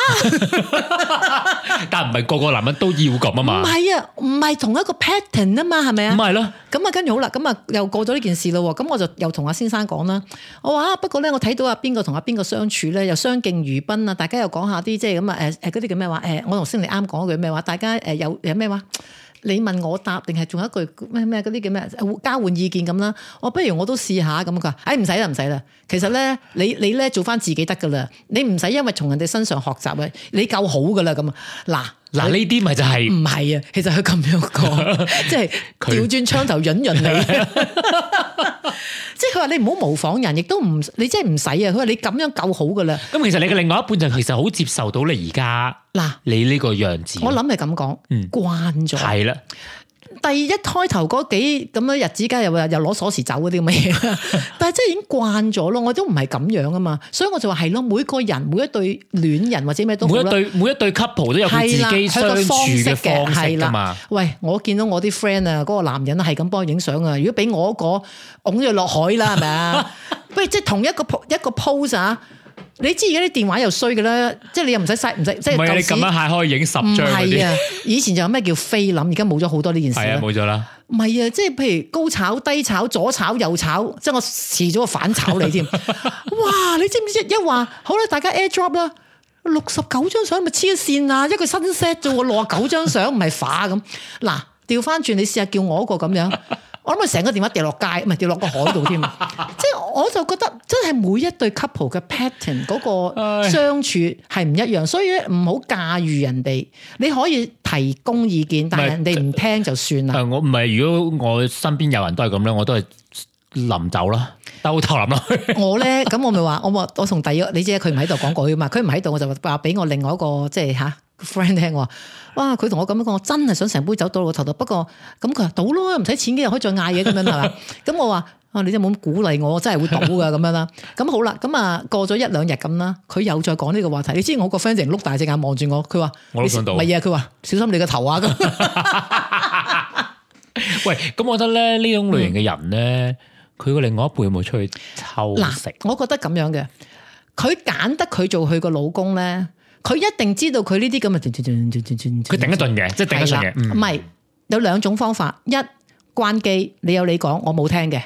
[LAUGHS] [LAUGHS] 但唔係個個男人都要咁啊嘛？唔係啊，唔係同一個 pattern 啊嘛？係咪啊？唔係咯。咁啊，跟住好啦，咁啊，又過咗呢件事咯。咁我就又同阿先生講啦。我話啊，不過咧，我睇到啊，邊個同阿邊個相處咧，又相敬如賓啊。大家又講下啲即係咁啊，誒、呃、誒，嗰啲叫咩話？誒、呃，我同星你啱講嗰句咩話？大家誒有有咩話？你問我答，定係仲有一句咩咩，嗰啲叫咩交換意見咁啦？我不如我都試下咁，佢話：誒唔使啦，唔使啦，其實咧你你咧做翻自己得噶啦，你唔使因為從人哋身上學習啊，你夠好噶啦，咁啊嗱。嗱，呢啲咪就係唔係啊？其實佢咁樣講，即係調轉槍頭引引你，即係佢話你唔好模仿人，亦都唔你即係唔使啊！佢話你咁樣夠好噶啦。咁其實你嘅另外一半就其實好接受到你而家嗱你呢個樣子，我諗係咁講，慣咗係啦。第一開頭嗰幾咁樣日子，梗係又又攞鎖匙走嗰啲咁嘅嘢，但係真係已經慣咗咯。我都唔係咁樣噶嘛，所以我就話係咯，每一個人每一對戀人或者咩都每一，每一對每對 couple 都有佢自己相處嘅方式㗎嘛。喂，我見到我啲 friend 啊，嗰、那個男人係咁幫我影相啊，如果俾我一個，㧬咗落海啦係咪啊？ [LAUGHS] 不如即係同一個 po 一個 pose 啊。你知而家啲電話又衰嘅啦，即係你又唔使晒，唔使是即係唔係你咁樣下可以影十張嗰係啊，以前就有咩叫菲林，而家冇咗好多呢件事啦。係啊，冇咗啦。唔係啊，即係譬如高炒低炒左炒右炒，即係我遲咗個反炒你添。 [LAUGHS] 哇！你知唔知一話好啦，大家 AirDrop 啦，六十九張相咪黐線啊！一個新 set 做個六啊九張相，唔係 [LAUGHS] 化咁。嗱，調翻轉你試下叫我一個咁樣。 [LAUGHS] 我諗成個電話掉落街，唔係掉落個海度添。即係 [LAUGHS] 我就覺得真係每一對 couple 嘅 pattern 嗰個相處係唔一樣，唉所以唔好駕馭人哋。你可以提供意見，但係人哋唔聽就算啦。誒、呃呃，我唔係如果我身邊有人都係咁咧，我都係臨走啦，兜頭淋落去。我咧，咁我咪話，我話我同第二個，你知佢唔喺度講過佢嘛？佢唔喺度，我就話俾我另外一個即係嚇。friend 聽我話，哇！佢同我咁樣講，我真係想成杯酒倒落個頭度。不過咁佢話倒咯，唔使錢嘅，可以再嗌嘢咁樣係嘛？咁我話啊，你真係冇咁鼓勵我，我真係會倒噶咁樣啦。咁、嗯、好啦，咁、嗯、啊過咗一兩日咁啦，佢又再講呢個話題。你知我個 friend 碌大隻眼望住我，佢話我諗到，唔係啊，佢話小心你個頭啊咁。 [LAUGHS] [LAUGHS] 喂，咁我覺得咧呢種類型嘅人咧，佢個另外一半有冇出去偷食？我覺得咁樣嘅，佢揀得佢做佢個老公咧。佢一定知道佢呢啲咁啊！佢頂一頓嘅，即係頂一頓嘅。唔係的、嗯、有兩種方法，一關機，你有你講，我冇聽嘅。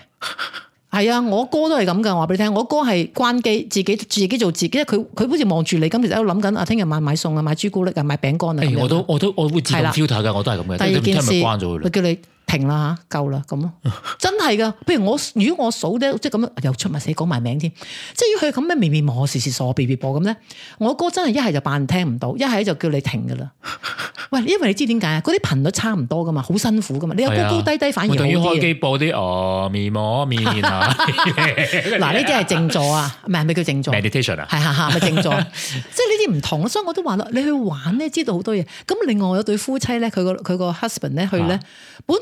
係啊， [LAUGHS] 我哥都係咁噶，我話俾你聽，我哥係關機，自己自己做自己。佢佢好似望住你咁，而家喺度諗緊啊，聽日晚買餸啊，買朱古力啊，買餅乾啊。我都我都我，我會自動 filter 噶，的我都係咁嘅。第二件事你了了叫你。停啦吓，夠啦咁咯， [LAUGHS] 真係噶。譬如我如果我嫂咧，即係咁樣又出埋死講埋名添，即係如佢咁咩面面磨磨，明明時時傻，嗶嗶播咁咧，我哥真係一係就扮聽唔到，一係就叫你停噶啦。 [LAUGHS] 喂，因為你知點解啊？嗰啲頻率差唔多噶嘛，好辛苦噶嘛，你有高高低低，反而好嘅。等於開機播啲阿面膜面嗱，呢啲係靜坐啊，唔係咪叫正坐靜坐啊，Meditation 啊，係咪靜坐？即係呢啲唔同，所以我都話啦，你去玩咧，知道好多嘢。咁另外有對夫妻咧，佢個佢個 husband 咧去咧，band, 呢啊、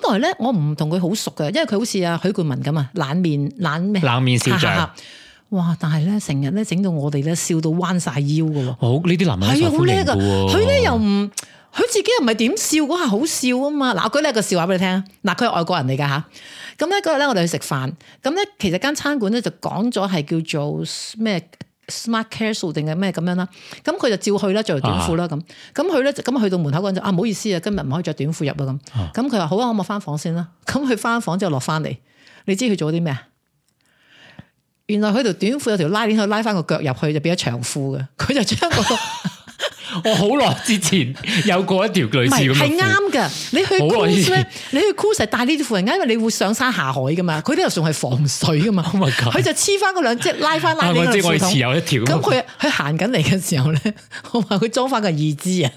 本來咧我唔同佢好熟嘅，因為佢好似阿許冠文咁啊，冷面冷咩？冷面笑匠。哇！但係咧，成日咧整到我哋咧笑到彎晒腰嘅喎。好呢啲男人係啊，好叻㗎。佢咧又唔～佢自己又唔係點笑，嗰下好笑啊嘛！嗱，我舉呢個笑話俾你聽。嗱，佢係外國人嚟噶吓，咁咧嗰日咧我哋去食飯，咁咧其實間餐館咧就講咗係叫做咩 smart casual 定係咩咁樣啦。咁佢就照去啦，着條短褲啦咁。咁佢咧咁去到門口嗰陣啊，唔好意思啊，今日唔可以着短褲入啊咁。咁佢話好啊，我咪翻房先啦。咁佢翻房之後落翻嚟，你知佢做啲咩啊？原來佢條短褲有條拉鏈，佢拉翻個腳入去變成就變咗長褲嘅。佢就將個。我好耐之前有過一條女，唔係啱噶。你去 Coast 咧，你去 Coast 帶呢啲褲係啱，因為你會上山下海噶嘛。佢呢度仲係防水噶嘛，佢、oh、就黐翻嗰兩隻拉翻拉呢根褲筒。咁佢佢行緊嚟嘅時候咧、 [LAUGHS] 嗯，我話佢裝翻個二支啊。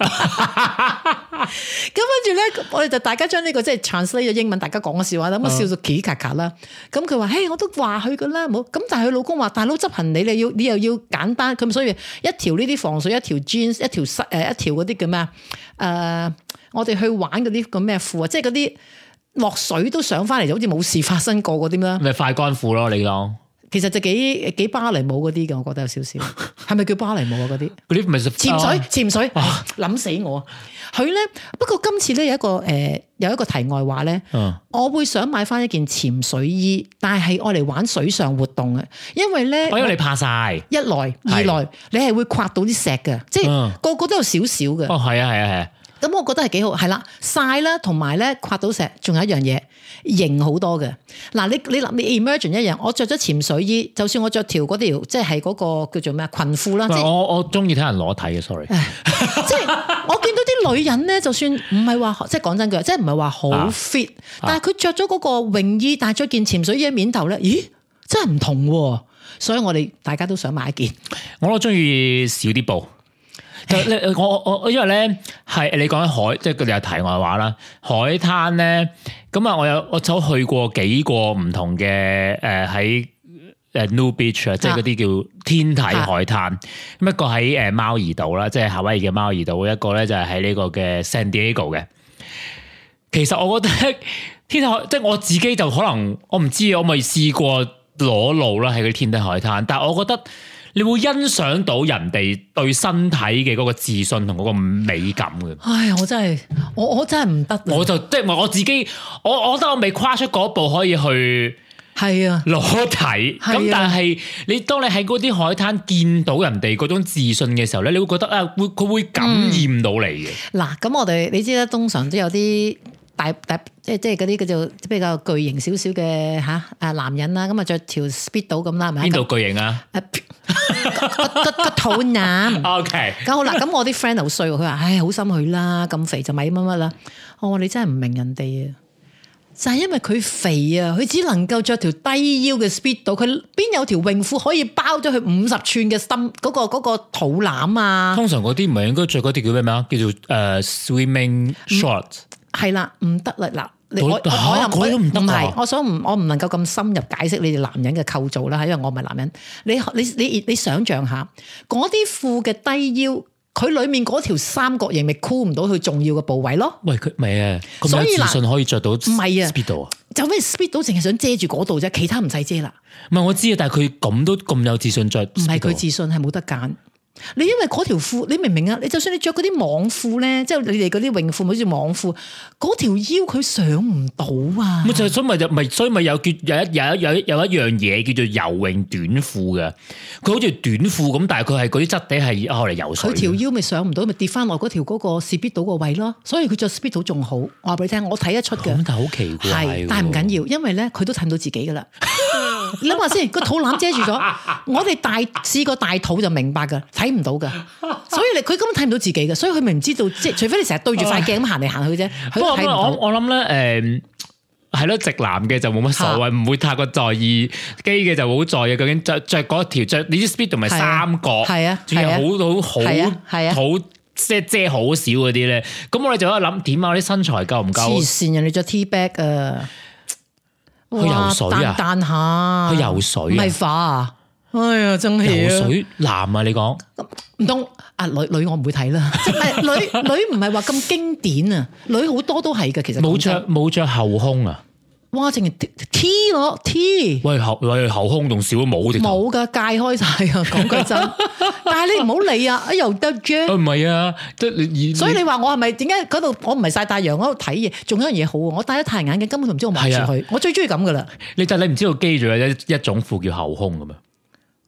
咁跟住咧，我哋就大家將呢、這個即係、就是、translate 咗英文，大家講個笑話，咁啊笑到 kikaka 啦。咁佢話：，誒，我都話佢噶啦，冇。咁但係佢老公話：，大佬執行你要你要你又要，要，要簡單。咁所以一條呢啲防水，一條一條。一誒，一條嗰啲叫咩啊？誒、呃，我哋去玩嗰啲叫咩褲啊？即係嗰啲落水都上翻嚟，就好似冇事發生過嗰啲咩？咪快乾褲咯，你講。其實就幾幾芭蕾舞嗰啲嘅，我覺得有少少，係咪 [LAUGHS] 叫芭蕾舞啊？嗰啲潛水潛水，諗死我啊！佢咧不過今次咧有一個誒、呃、有一個題外話咧，嗯、我會想買翻一件潛水衣，但係我嚟玩水上活動嘅，因為咧，因為你怕晒，我一來二來，的你係會刮到啲石嘅，即係、嗯、個個都有少少嘅。哦，係啊，係啊，係。咁我覺得係幾好，係啦晒啦，同埋咧，刮到石，仲有一樣嘢型好多嘅。嗱，你你諗你 imagine 一樣，我着咗潛水衣，就算我着條嗰條即係嗰個叫做咩啊，裙褲啦。即係我我中意睇人裸體嘅，sorry。唉 [LAUGHS] 即係我見到啲女人咧，就算唔係話即係講真句，即係唔係話好 fit，但係佢着咗嗰個泳衣，戴咗件潛水衣面頭咧，咦，真係唔同喎。所以我哋大家都想買一件。我都中意少啲布。我我因為咧係你講起海，即係佢哋有題外話啦。海灘咧咁啊，我有我走去過幾個唔同嘅誒喺誒 New Beach 啊、呃，即係嗰啲叫天體海灘。咁、 [MUSIC] 嗯嗯、一個喺誒貓兒島啦，即係夏威夷嘅貓兒島。一個咧就係喺呢個嘅 San Diego 嘅。其實我覺得天體海，即係我自己就可能我唔知，我未試過裸露啦喺嗰啲天體海灘，但係我覺得。你會欣賞到人哋對身體嘅嗰個自信同嗰個美感嘅。唉，我真係，我我真係唔得。我就即係我自己，我我覺得我未跨出嗰步可以去，係啊，裸體。咁、啊、但係你當你喺嗰啲海灘見到人哋嗰種自信嘅時候咧，你會覺得啊，會佢會感染到你嘅。嗱、嗯，咁我哋你知啦，通常都有啲。大，大即係即係嗰啲叫做比較巨型少少嘅吓啊，啊男人啦咁啊着條 speed 到咁啦，係咪、嗯？邊度巨型啊，啊個個個個？個肚腩。OK，咁、嗯、好啦。咁、嗯、我啲 friend 好衰，佢話唉好心佢啦，咁肥就咪乜乜啦。哦、啊啊，你真係唔明人哋啊，就係、是、因為佢肥啊，佢只能夠着條低腰嘅 speed 到，佢邊有條泳褲可以包咗佢五十寸嘅心嗰個、那個那個肚腩啊？通常嗰啲唔係應該着嗰啲叫咩名啊？叫做誒、uh, swimming shorts、嗯。係啦，唔得啦，嗱，你佢都唔得係，我想唔我唔能夠咁深入解釋你哋男人嘅構造啦，因為我唔係男人，你你你你想象下，嗰啲褲嘅低腰，佢裏面嗰條三角形咪箍唔到佢重要嘅部位咯。喂，佢咪係啊，佢有自信，咁有自信可以着到，唔係啊，speed 到啊，就咩 speed 到，淨係想遮住嗰度啫，其他唔使遮啦。唔係我知啊，但係佢咁都咁有自信着，唔係佢自信係冇得揀。你因為嗰條褲，你明唔明啊？你就算你着嗰啲網褲咧，即係你哋嗰啲泳褲，好似網褲，嗰條腰佢上唔到啊！咪就所咪就咪所以咪有叫有一有一有有一樣嘢叫做游泳短褲嘅，佢好似短褲咁，但係佢係嗰啲質地係用嚟，游水，條腰咪上唔到咪跌翻落嗰條嗰個 speed 到個位咯，所以佢着 speed 到仲好。我話俾你聽，我睇得出嘅，但係好奇怪，但係唔緊要，因為咧佢都襯到自己噶啦。諗 [LAUGHS] 下先，個肚腩遮住咗， [LAUGHS] 我哋大試過大肚就明白噶。睇唔到噶，所以你佢根本睇唔到自己噶，所以佢明知道，即係除非你成日對住塊鏡咁行嚟行去啫，不過我我諗咧，誒，係咯，直男嘅就冇乜所謂，唔會太過在意。基嘅就好在意，究竟着着嗰條着呢啲 speed 同埋三角，係啊，仲有好好好係啊，好遮遮好少嗰啲咧。咁我哋就喺度諗，點啊啲身材夠唔夠？黐線，人哋着 T back 啊，去游水啊，彈下，去游水，咪化。哎呀，真係游、啊、水男啊！你講唔通啊？女女我唔會睇啦，女 [LAUGHS] 女唔係話咁經典啊，女好多都係嘅，其實冇着冇着後胸啊！哇，淨係 T 咯 T！T 喂後喂後胸仲少冇冇嘅戒開晒啊！講句真， [LAUGHS] 但係你唔好理啊！又得着唔係啊，即所以你話我係咪點解嗰度我唔係晒太陽嗰度睇嘢？仲有一樣嘢好啊！我戴咗太陽眼鏡根本就唔知我望住去，的我最中意咁噶啦！你就你唔知道基住一一種褲叫後胸咁啊？.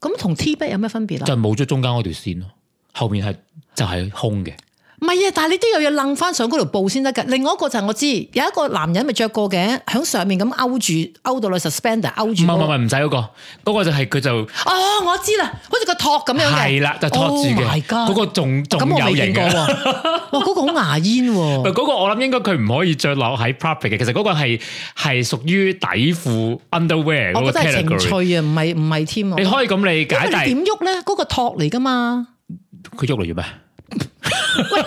咁同黐筆有咩分別啊？就係冇咗中間嗰條線咯，後面係就係、是、空嘅。唔係啊，但係你都有要掹翻上嗰條布先得噶。另外一個就係我知，有一個男人咪着過嘅，喺上面咁勾住勾到落 suspender 勾住。唔係唔係唔使嗰個，嗰、嗰個嗰個就係佢就。哦，我知啦，好似個托咁樣嘅。係啦，就托住嘅。係噶、oh，嗰個仲仲有型嘅。哇、啊，嗰、 [LAUGHS] 哦嗰個好牙煙、啊。唔嗰 [LAUGHS] 嗰個，我諗應該佢唔可以着落喺 proper 嘅。其實嗰個係係屬於底褲 underwear。Under 我覺得係情趣啊，唔係唔係添，你可以咁理解，但點喐咧？嗰、嗰個托嚟噶嘛？佢喐嚟要咩？ [LAUGHS] 喂，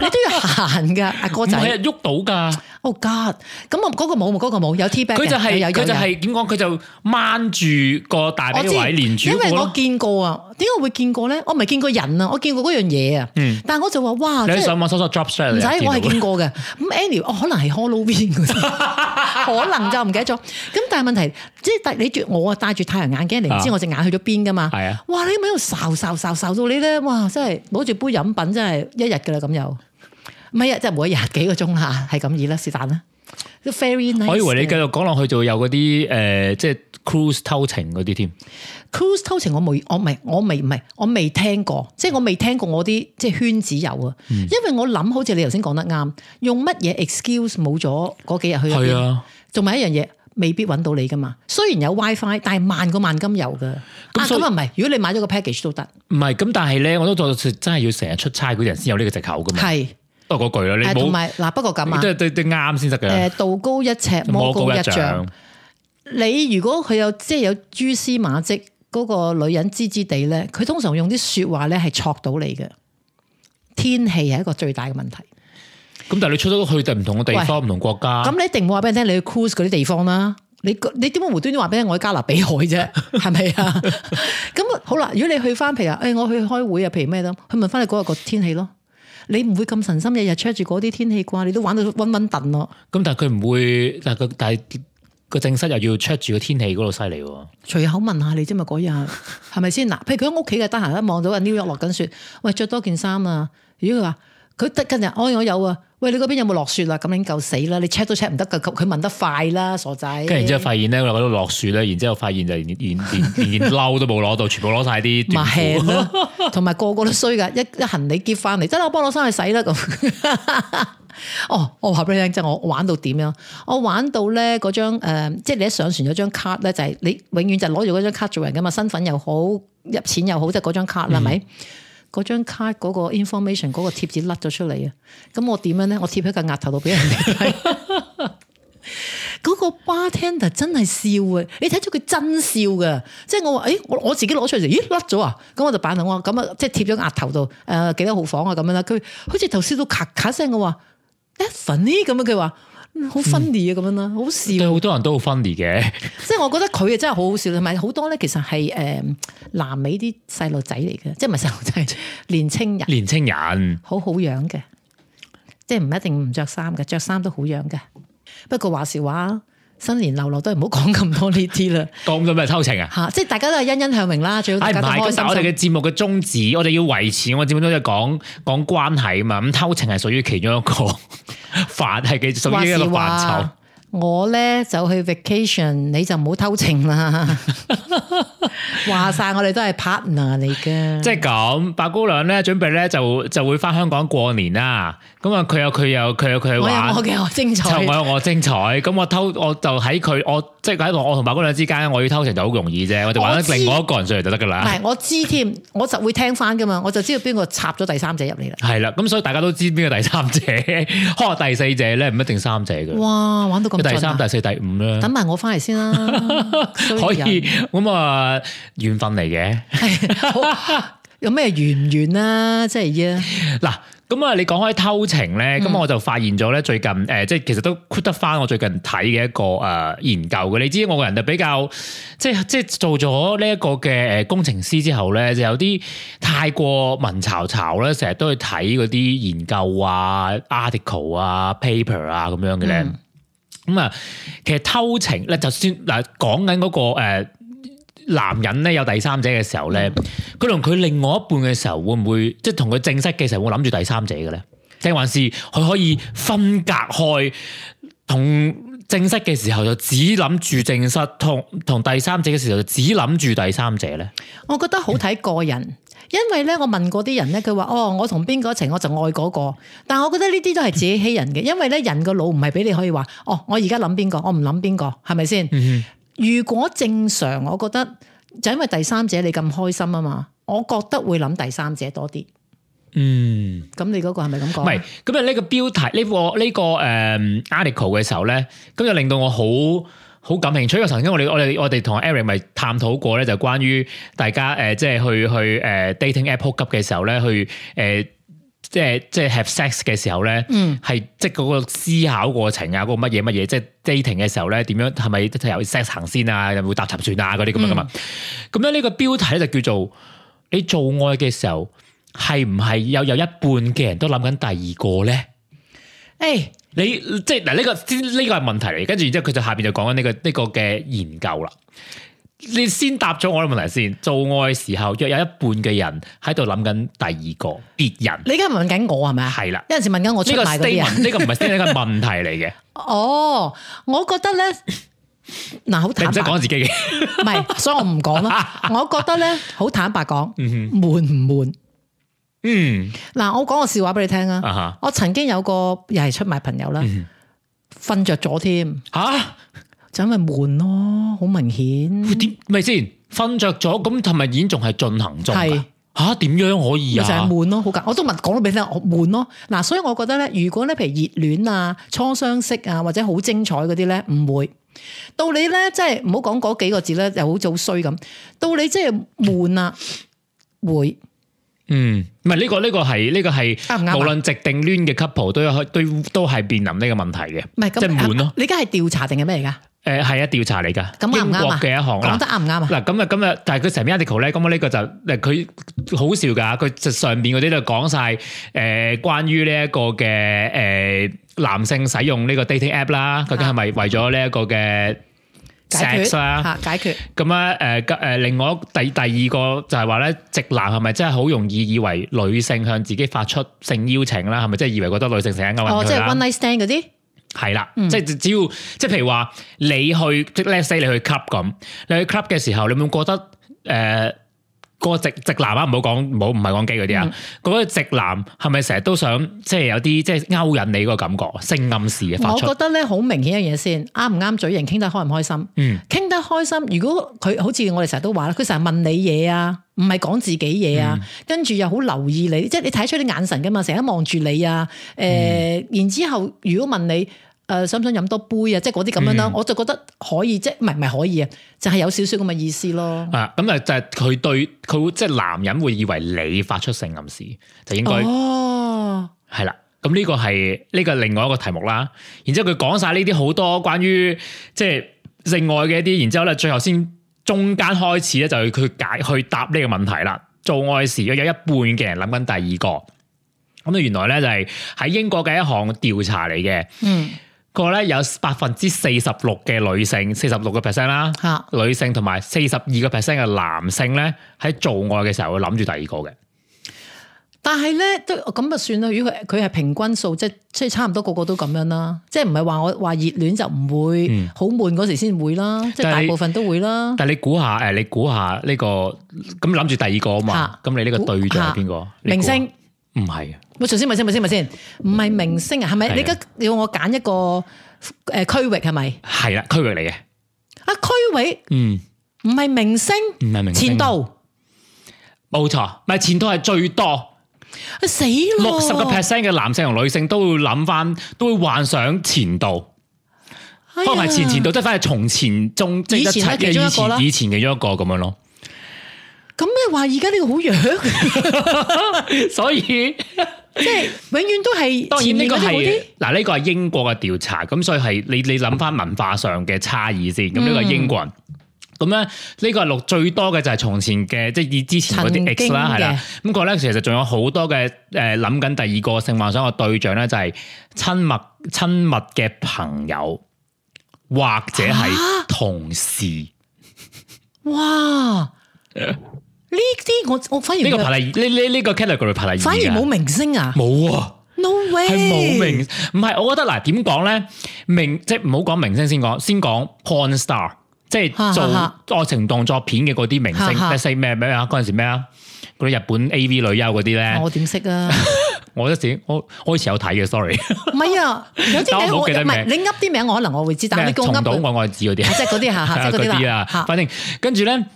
你都要行噶，阿哥仔，唔喐到噶。.哦，God！咁我嗰個冇，冇嗰個冇，有 T-back 佢就係佢就係點講？佢就掹住個大髀位連住我咯。因為我見過啊，點解會見過咧？我未見過人啊，我見過嗰樣嘢啊。但係我就話哇，你上網搜索 drop shirt 唔使，我係見過嘅。咁 Annie 可能係 Halloween，可能就唔記得咗。咁但係問題即係你住我啊戴住太陽眼鏡，你唔知我隻眼去咗邊噶嘛？係啊！哇，你喺度睄睄睄睄到你咧，哇！真係攞住杯飲品，真係一日噶啦咁又。唔係啊，即係每日廿幾個鐘吓，係咁意啦，是但啦。Very nice。我以為你繼續講落去就會有嗰啲誒，即係 cruise 偷情嗰啲添。cruise 偷情我未，我唔係，我未唔係，我未聽過，即係我未聽過我啲即係圈子有啊。嗯、因為我諗好似你頭先講得啱，用乜嘢 excuse 冇咗嗰幾日去。係啊。仲埋一樣嘢，未必揾到你噶嘛。雖然有 WiFi，但係萬個萬金油噶。啊咁啊唔係，如果你買咗個 package 都得。唔係，咁但係咧，我都做真係要成日出差嗰啲人先有呢個借口噶嘛。係。都係嗰句啦，你冇同嗱。不過咁啊，即係都啱先得嘅。誒，道高一尺，魔高一丈。一你如果佢有即係有蛛絲馬跡，嗰、嗰個女人知知地咧，佢通常用啲說話咧係戳到你嘅。天氣係一個最大嘅問題。咁但係你出咗去第唔同嘅地方，唔喂同國家，咁你一定唔好話俾人聽你去 Cruise 嗰啲地方啦。你你點會無端端話俾我喺加勒比海啫？係咪 [LAUGHS] 啊？咁 [LAUGHS] 好啦，如果你去翻譬如誒我去開會啊，譬如咩啦，佢問翻你嗰日個天氣咯。你唔會咁神心日日 check 住嗰啲天氣啩，你都玩到暈暈頓咯、啊。咁但係佢唔會，但係佢但係個正室又要 check 住個天氣嗰度犀利喎。隨口問,問你 [LAUGHS] 問問下你啫嘛，嗰日係咪先嗱？譬如佢喺屋企嘅，得閒一望到阿 New York 落緊雪，喂，着多件衫啊！如果佢話佢得緊日，我、哎、我有啊。喂，你嗰邊有冇落雪啦、啊？咁樣夠死啦！你 check 都 check 唔得嘅，佢問得快啦，傻仔。跟住之後發現咧，我嗰度落雪咧，然之後發現就連 [LAUGHS] 連連連褸都冇攞到，全部攞晒啲短褲，同埋個個都衰噶，一一行李結翻嚟，真係我幫我翻去洗啦咁。 [LAUGHS] 哦，我話俾你聽，即、就、係、是、我玩到點樣？我玩到咧嗰張、呃、即係你一上船有張卡咧，就係、是、你永遠就攞住嗰張卡做人噶嘛，身份又好，入錢又好，即係嗰張卡啦，係咪、嗯？嗰張卡嗰個 information 嗰個貼紙甩咗出嚟啊！咁我點樣咧？我貼喺個額頭度俾人睇。嗰 [LAUGHS] [LAUGHS] 個 bartender 真係笑啊！你睇咗佢真笑嘅，即係我話誒，我我自己攞出嚟，咦甩咗啊！咁我就擺喺我咁啊，即係貼咗個額頭度，誒、呃、幾多號房啊咁樣啦。佢好似頭先都咔咔聲嘅話，Evanny 咁樣佢話。好 funny 啊，咁樣啦， [LAUGHS] 好笑。對，好多人都好 funny 嘅。即係我覺得佢啊，真係好好笑。同埋好多咧，其實係誒南美啲細路仔嚟嘅，即係唔係細路仔，年青人。年青人，好好樣嘅，即係唔一定唔着衫嘅，着衫都好樣嘅。不過話時話。新年流流都唔好講咁多呢啲啦，講咗咩偷情啊？吓， [LAUGHS] 即係大家都係欣欣向榮啦，最好大家開心心、哎、我哋嘅節目嘅宗旨，我哋要維持我哋節目都係講講關係啊嘛，咁偷情係屬於其中一個範，係幾屬於一個範疇。我呢就去 vacation，你就唔好偷情啦。 [LAUGHS] 話晒我哋都係 partner 嚟嘅，即係咁白姑娘咧，準備咧就就會翻香港過年啦。咁啊，佢有佢有佢有佢玩，我有我精彩，我有我精彩。咁我偷我就喺佢，我即係喺度，我同白姑娘之間，我要偷情就好容易啫。我就玩我另外一個人上嚟就得噶啦。係，我知添，我就會聽翻噶嘛，我就知道邊個插咗第三者入嚟啦。係啦， [LAUGHS] 咁所以大家都知邊個第三者，可能 [LAUGHS] 第四者咧唔一定三者嘅。哇，玩到咁，第三、第四、 [LAUGHS] 第五啦，等埋我翻嚟先啦。可以。 [LAUGHS] 咁 [LAUGHS] 啊，緣分嚟嘅，有咩緣唔緣啊？即係依啊，嗱，咁啊，你講開偷情咧，咁我就發現咗咧，最近誒，即、呃、係其實都 quote 得翻我最近睇嘅一個誒研究嘅。你知我個人就比較即係即係做咗呢一個嘅誒工程師之後咧，就有啲太過文巢巢啦，成日都去睇嗰啲研究啊、article 啊、paper 啊咁樣嘅咧。咁啊、嗯嗯，其實偷情咧，就算嗱，講緊嗰個誒。呃男人咧，有第三者嘅時候咧，佢同佢另外一半嘅時候會唔會即係同佢正式嘅時候會諗住第三者嘅咧？即係還是佢可以分隔開同正式嘅時候就只諗住正式，同同第三者嘅時候就只諗住第三者咧？我覺得好睇個人， [LAUGHS] 因為咧我問過啲人咧，佢話哦，我同邊個一齊我就愛嗰個，但我覺得呢啲都係自己欺人嘅， [LAUGHS] 因為咧人個腦唔係俾你可以話哦，我而家諗邊個，我唔諗邊個，係咪先？ [LAUGHS] 如果正常，我覺得就因為第三者你咁開心啊嘛，我覺得會諗第三者多啲。嗯，咁你嗰個係咪咁講？唔係，咁啊呢個標題呢、呢個呢、呢個誒 article 嘅時候咧，咁就令到我好好感興趣。因為曾經我哋我哋我哋同 Eric 咪探討過咧，就係、關於大家誒、呃、即係去去誒、呃、dating app hookup 嘅時候咧，去誒。呃即係即係 have sex 嘅時候咧，係、嗯、即係嗰個思考過程啊，嗰乜嘢乜嘢，即係 dating 嘅時候咧，點樣係咪有 sex 行先啊，又會搭插船啊嗰啲咁樣噶嘛？咁樣呢個標題咧就叫做你做愛嘅時候係唔係有有一半嘅人都諗緊第二個咧？誒、嗯，你即係嗱呢個呢、這個係問題嚟，跟住然之後佢就下邊就講緊呢個呢、這個嘅研究啦。你先答咗我嘅問題先，做愛嘅時候，約有一半嘅人喺度諗緊第二個別人，你而家問緊我係咪啊？係啦，有陣時問緊我出賣嘅嘢，呢個唔係呢個問題嚟嘅。 [LAUGHS] 哦，我覺得咧，嗱好坦，唔使講自己嘅，唔係，所以我唔講啦。我覺得咧，好坦白講，悶唔悶？嗯，嗱，我講個笑話俾你聽啊！我曾經有個又係出賣朋友啦，瞓着咗添吓。就因為悶咯，好明顯。點咪先瞓着咗，咁同埋演仲係進行中。係吓點樣可以啊？就係悶咯，好夾。我都咪講咗俾你聽，我悶咯。嗱，所以我覺得咧，如果咧，譬如熱戀啊、初相識啊，或者好精彩嗰啲咧，唔會。到你咧，即係唔好講嗰幾個字咧，又好早衰咁。到你即係悶啊，會。嗯，唔係呢個呢個係呢個係，無論直定攣嘅 couple 都都都係面臨呢個問題嘅。唔係即係悶咯。你而家係調查定係咩嚟㗎？誒，係啊，調查嚟噶，英國嘅一項啦，講得啱唔啱啊？嗱，咁啊，咁啊，但係佢成篇 article 咧，咁我呢個就，誒，佢好笑噶，佢就上邊嗰啲就講晒，誒，關於呢一個嘅，誒，男性使用呢個 dating app 啦，究竟係咪為咗呢一個嘅 sex 啦？解決。咁啊，誒，誒，另外第第二個就係話咧，直男係咪真係好容易以為女性向自己發出性邀請啦？係咪真係以為覺得女性成日勾引佢啦？哦，即係 one night stand 嗰啲。係啦，嗯、即係只要即係，譬如話你去，即係 let's say 你去 club 咁，你去 club 嘅時候，你會唔會覺得誒？呃個直直男啊，唔好講，唔好唔係講基嗰啲啊。嗰個直男係咪成日都想即係有啲即係勾引你嗰個感覺，性暗示嘅？我覺得咧好明顯一樣嘢先，啱唔啱嘴型，傾得開唔開心？嗯，傾得開心，如果佢好似我哋成日都話啦，佢成日問你嘢啊，唔係講自己嘢啊，嗯、跟住又好留意你，即係你睇出啲眼神噶嘛，成日望住你啊，誒、呃，然之後如果問你。誒想唔想飲多杯啊？即係嗰啲咁樣啦，嗯、我就覺得可以，即係唔係唔係可以啊？就係、是、有少少咁嘅意思咯。啊、嗯，咁啊就係佢對佢會即係男人會以為你發出性暗示，就應該係啦。咁呢、哦、個係呢個另外一個題目啦。然之後佢講晒呢啲好多關於即係性愛嘅一啲，然之後咧最後先中間開始咧就佢解去答呢個問題啦。做愛時有一半嘅人諗緊第二個。咁啊，原來咧就係、是、喺英國嘅一項調查嚟嘅。嗯。個咧有百分之四十六嘅女性，四十六個 percent 啦，啊、女性同埋四十二個 percent 嘅男性咧，喺做愛嘅時候會諗住第二個嘅。但係咧都咁咪算啦，如果佢佢係平均數，即係即係差唔多個個都咁樣啦，即係唔係話我話熱戀就唔會好悶嗰時先會啦，是即係大部分都會啦。但係你估下誒，你估下呢個咁諗住第二個啊嘛？咁、啊、你呢個對象係邊個？啊、明星？唔係啊。我首先咪先，咪先，咪先，唔係明星啊？係咪？你而家要我揀一個誒區域？係咪？係啦，區域嚟嘅。啊，區域，嗯，唔係明星，唔係明星，前度，冇錯，咪前度係最多。死了，六十個 percent 嘅男性同女性都會諗翻，都會幻想前度，唔係的前前度，即係翻去從前中即係以,以前以前嘅一個咁樣咯。咁你話？而家呢個好弱， [LAUGHS] 所以。即係永遠都係，當然呢個係嗱呢個係英國嘅調查，咁所以係你你諗翻文化上嘅差異先。咁呢個英國人，咁咧呢個錄最多嘅就係從前嘅即係以之前嗰啲 ex 啦，係啦。咁但係咧其實仲有好多嘅誒諗緊第二個性幻想嘅對象咧，就係親密親密嘅朋友或者係同事。啊、 [LAUGHS] 哇！ [LAUGHS] 呢啲我我反而呢個例例呢呢呢個 category 例反而冇明星啊冇啊 no way 係冇明唔係我覺得嗱點講咧明即係唔好講明星先講先講 porn star 即係做愛情動作片嘅嗰啲明星，即係咩咩啊嗰陣時咩啊嗰啲日本 AV 女優嗰啲咧我點識啊我一時我開始有睇嘅 sorry 唔係啊但係唔好記得你噏啲名我可能我會知，但係重噏到我我知嗰啲即係嗰啲下下係嗰啲啦，反正跟住咧。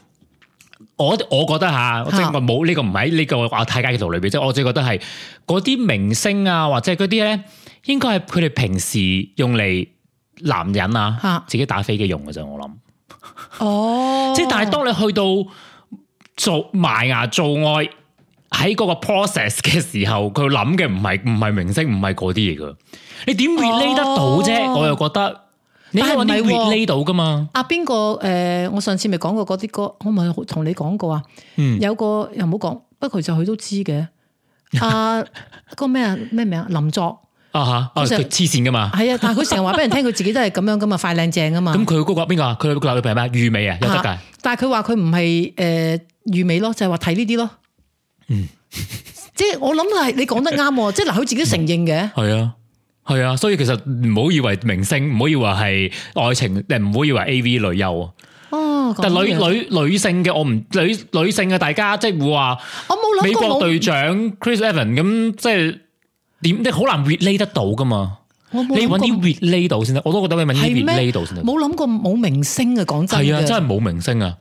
我我覺得吓，即係我冇呢個唔喺呢個太街嘅圖裏邊，即係我最覺得係嗰啲明星啊，或者嗰啲咧，應該係佢哋平時用嚟男人啊，啊自己打飛機用嘅啫，我諗。 [LAUGHS] 哦。即係但係當你去到做埋牙做愛，喺嗰個 process 嘅時候，佢諗嘅唔係唔係明星，唔係嗰啲嘢噶，你點 relate 得到啫？哦、我又覺得。你係我啲 r e a 到噶嘛？阿邊、啊、個？誒、呃，我上次咪講過嗰啲歌，我咪同你講過啊。嗯，有個又唔好講，不過其實佢都知嘅。阿個咩啊？咩名啊？林作啊吓，佢黐線噶嘛？係啊，但係佢成日話俾人聽，佢自己都係咁樣噶嘛， [LAUGHS] 快靚正噶嘛。咁佢嗰個邊個？佢個女朋友係咩？魚美啊，有得計。但係佢話佢唔係誒魚尾咯，就係話睇呢啲咯。嗯， [LAUGHS] 即係我諗係你講得啱，即係嗱，佢自己承認嘅。係、嗯、啊。係啊，所以其實唔好以為明星，唔好以為係愛情，誒唔好以為 A V 女優啊。哦，但女女女性嘅我唔女女性嘅大家即係會話，我冇諗美國隊長 Chris Evans 咁即係點即好難 relate 得到噶嘛？你揾啲 relate 到先得，我都覺得你揾 relate 到先得，冇諗過冇明星嘅講真嘅，係啊，真係冇明星啊。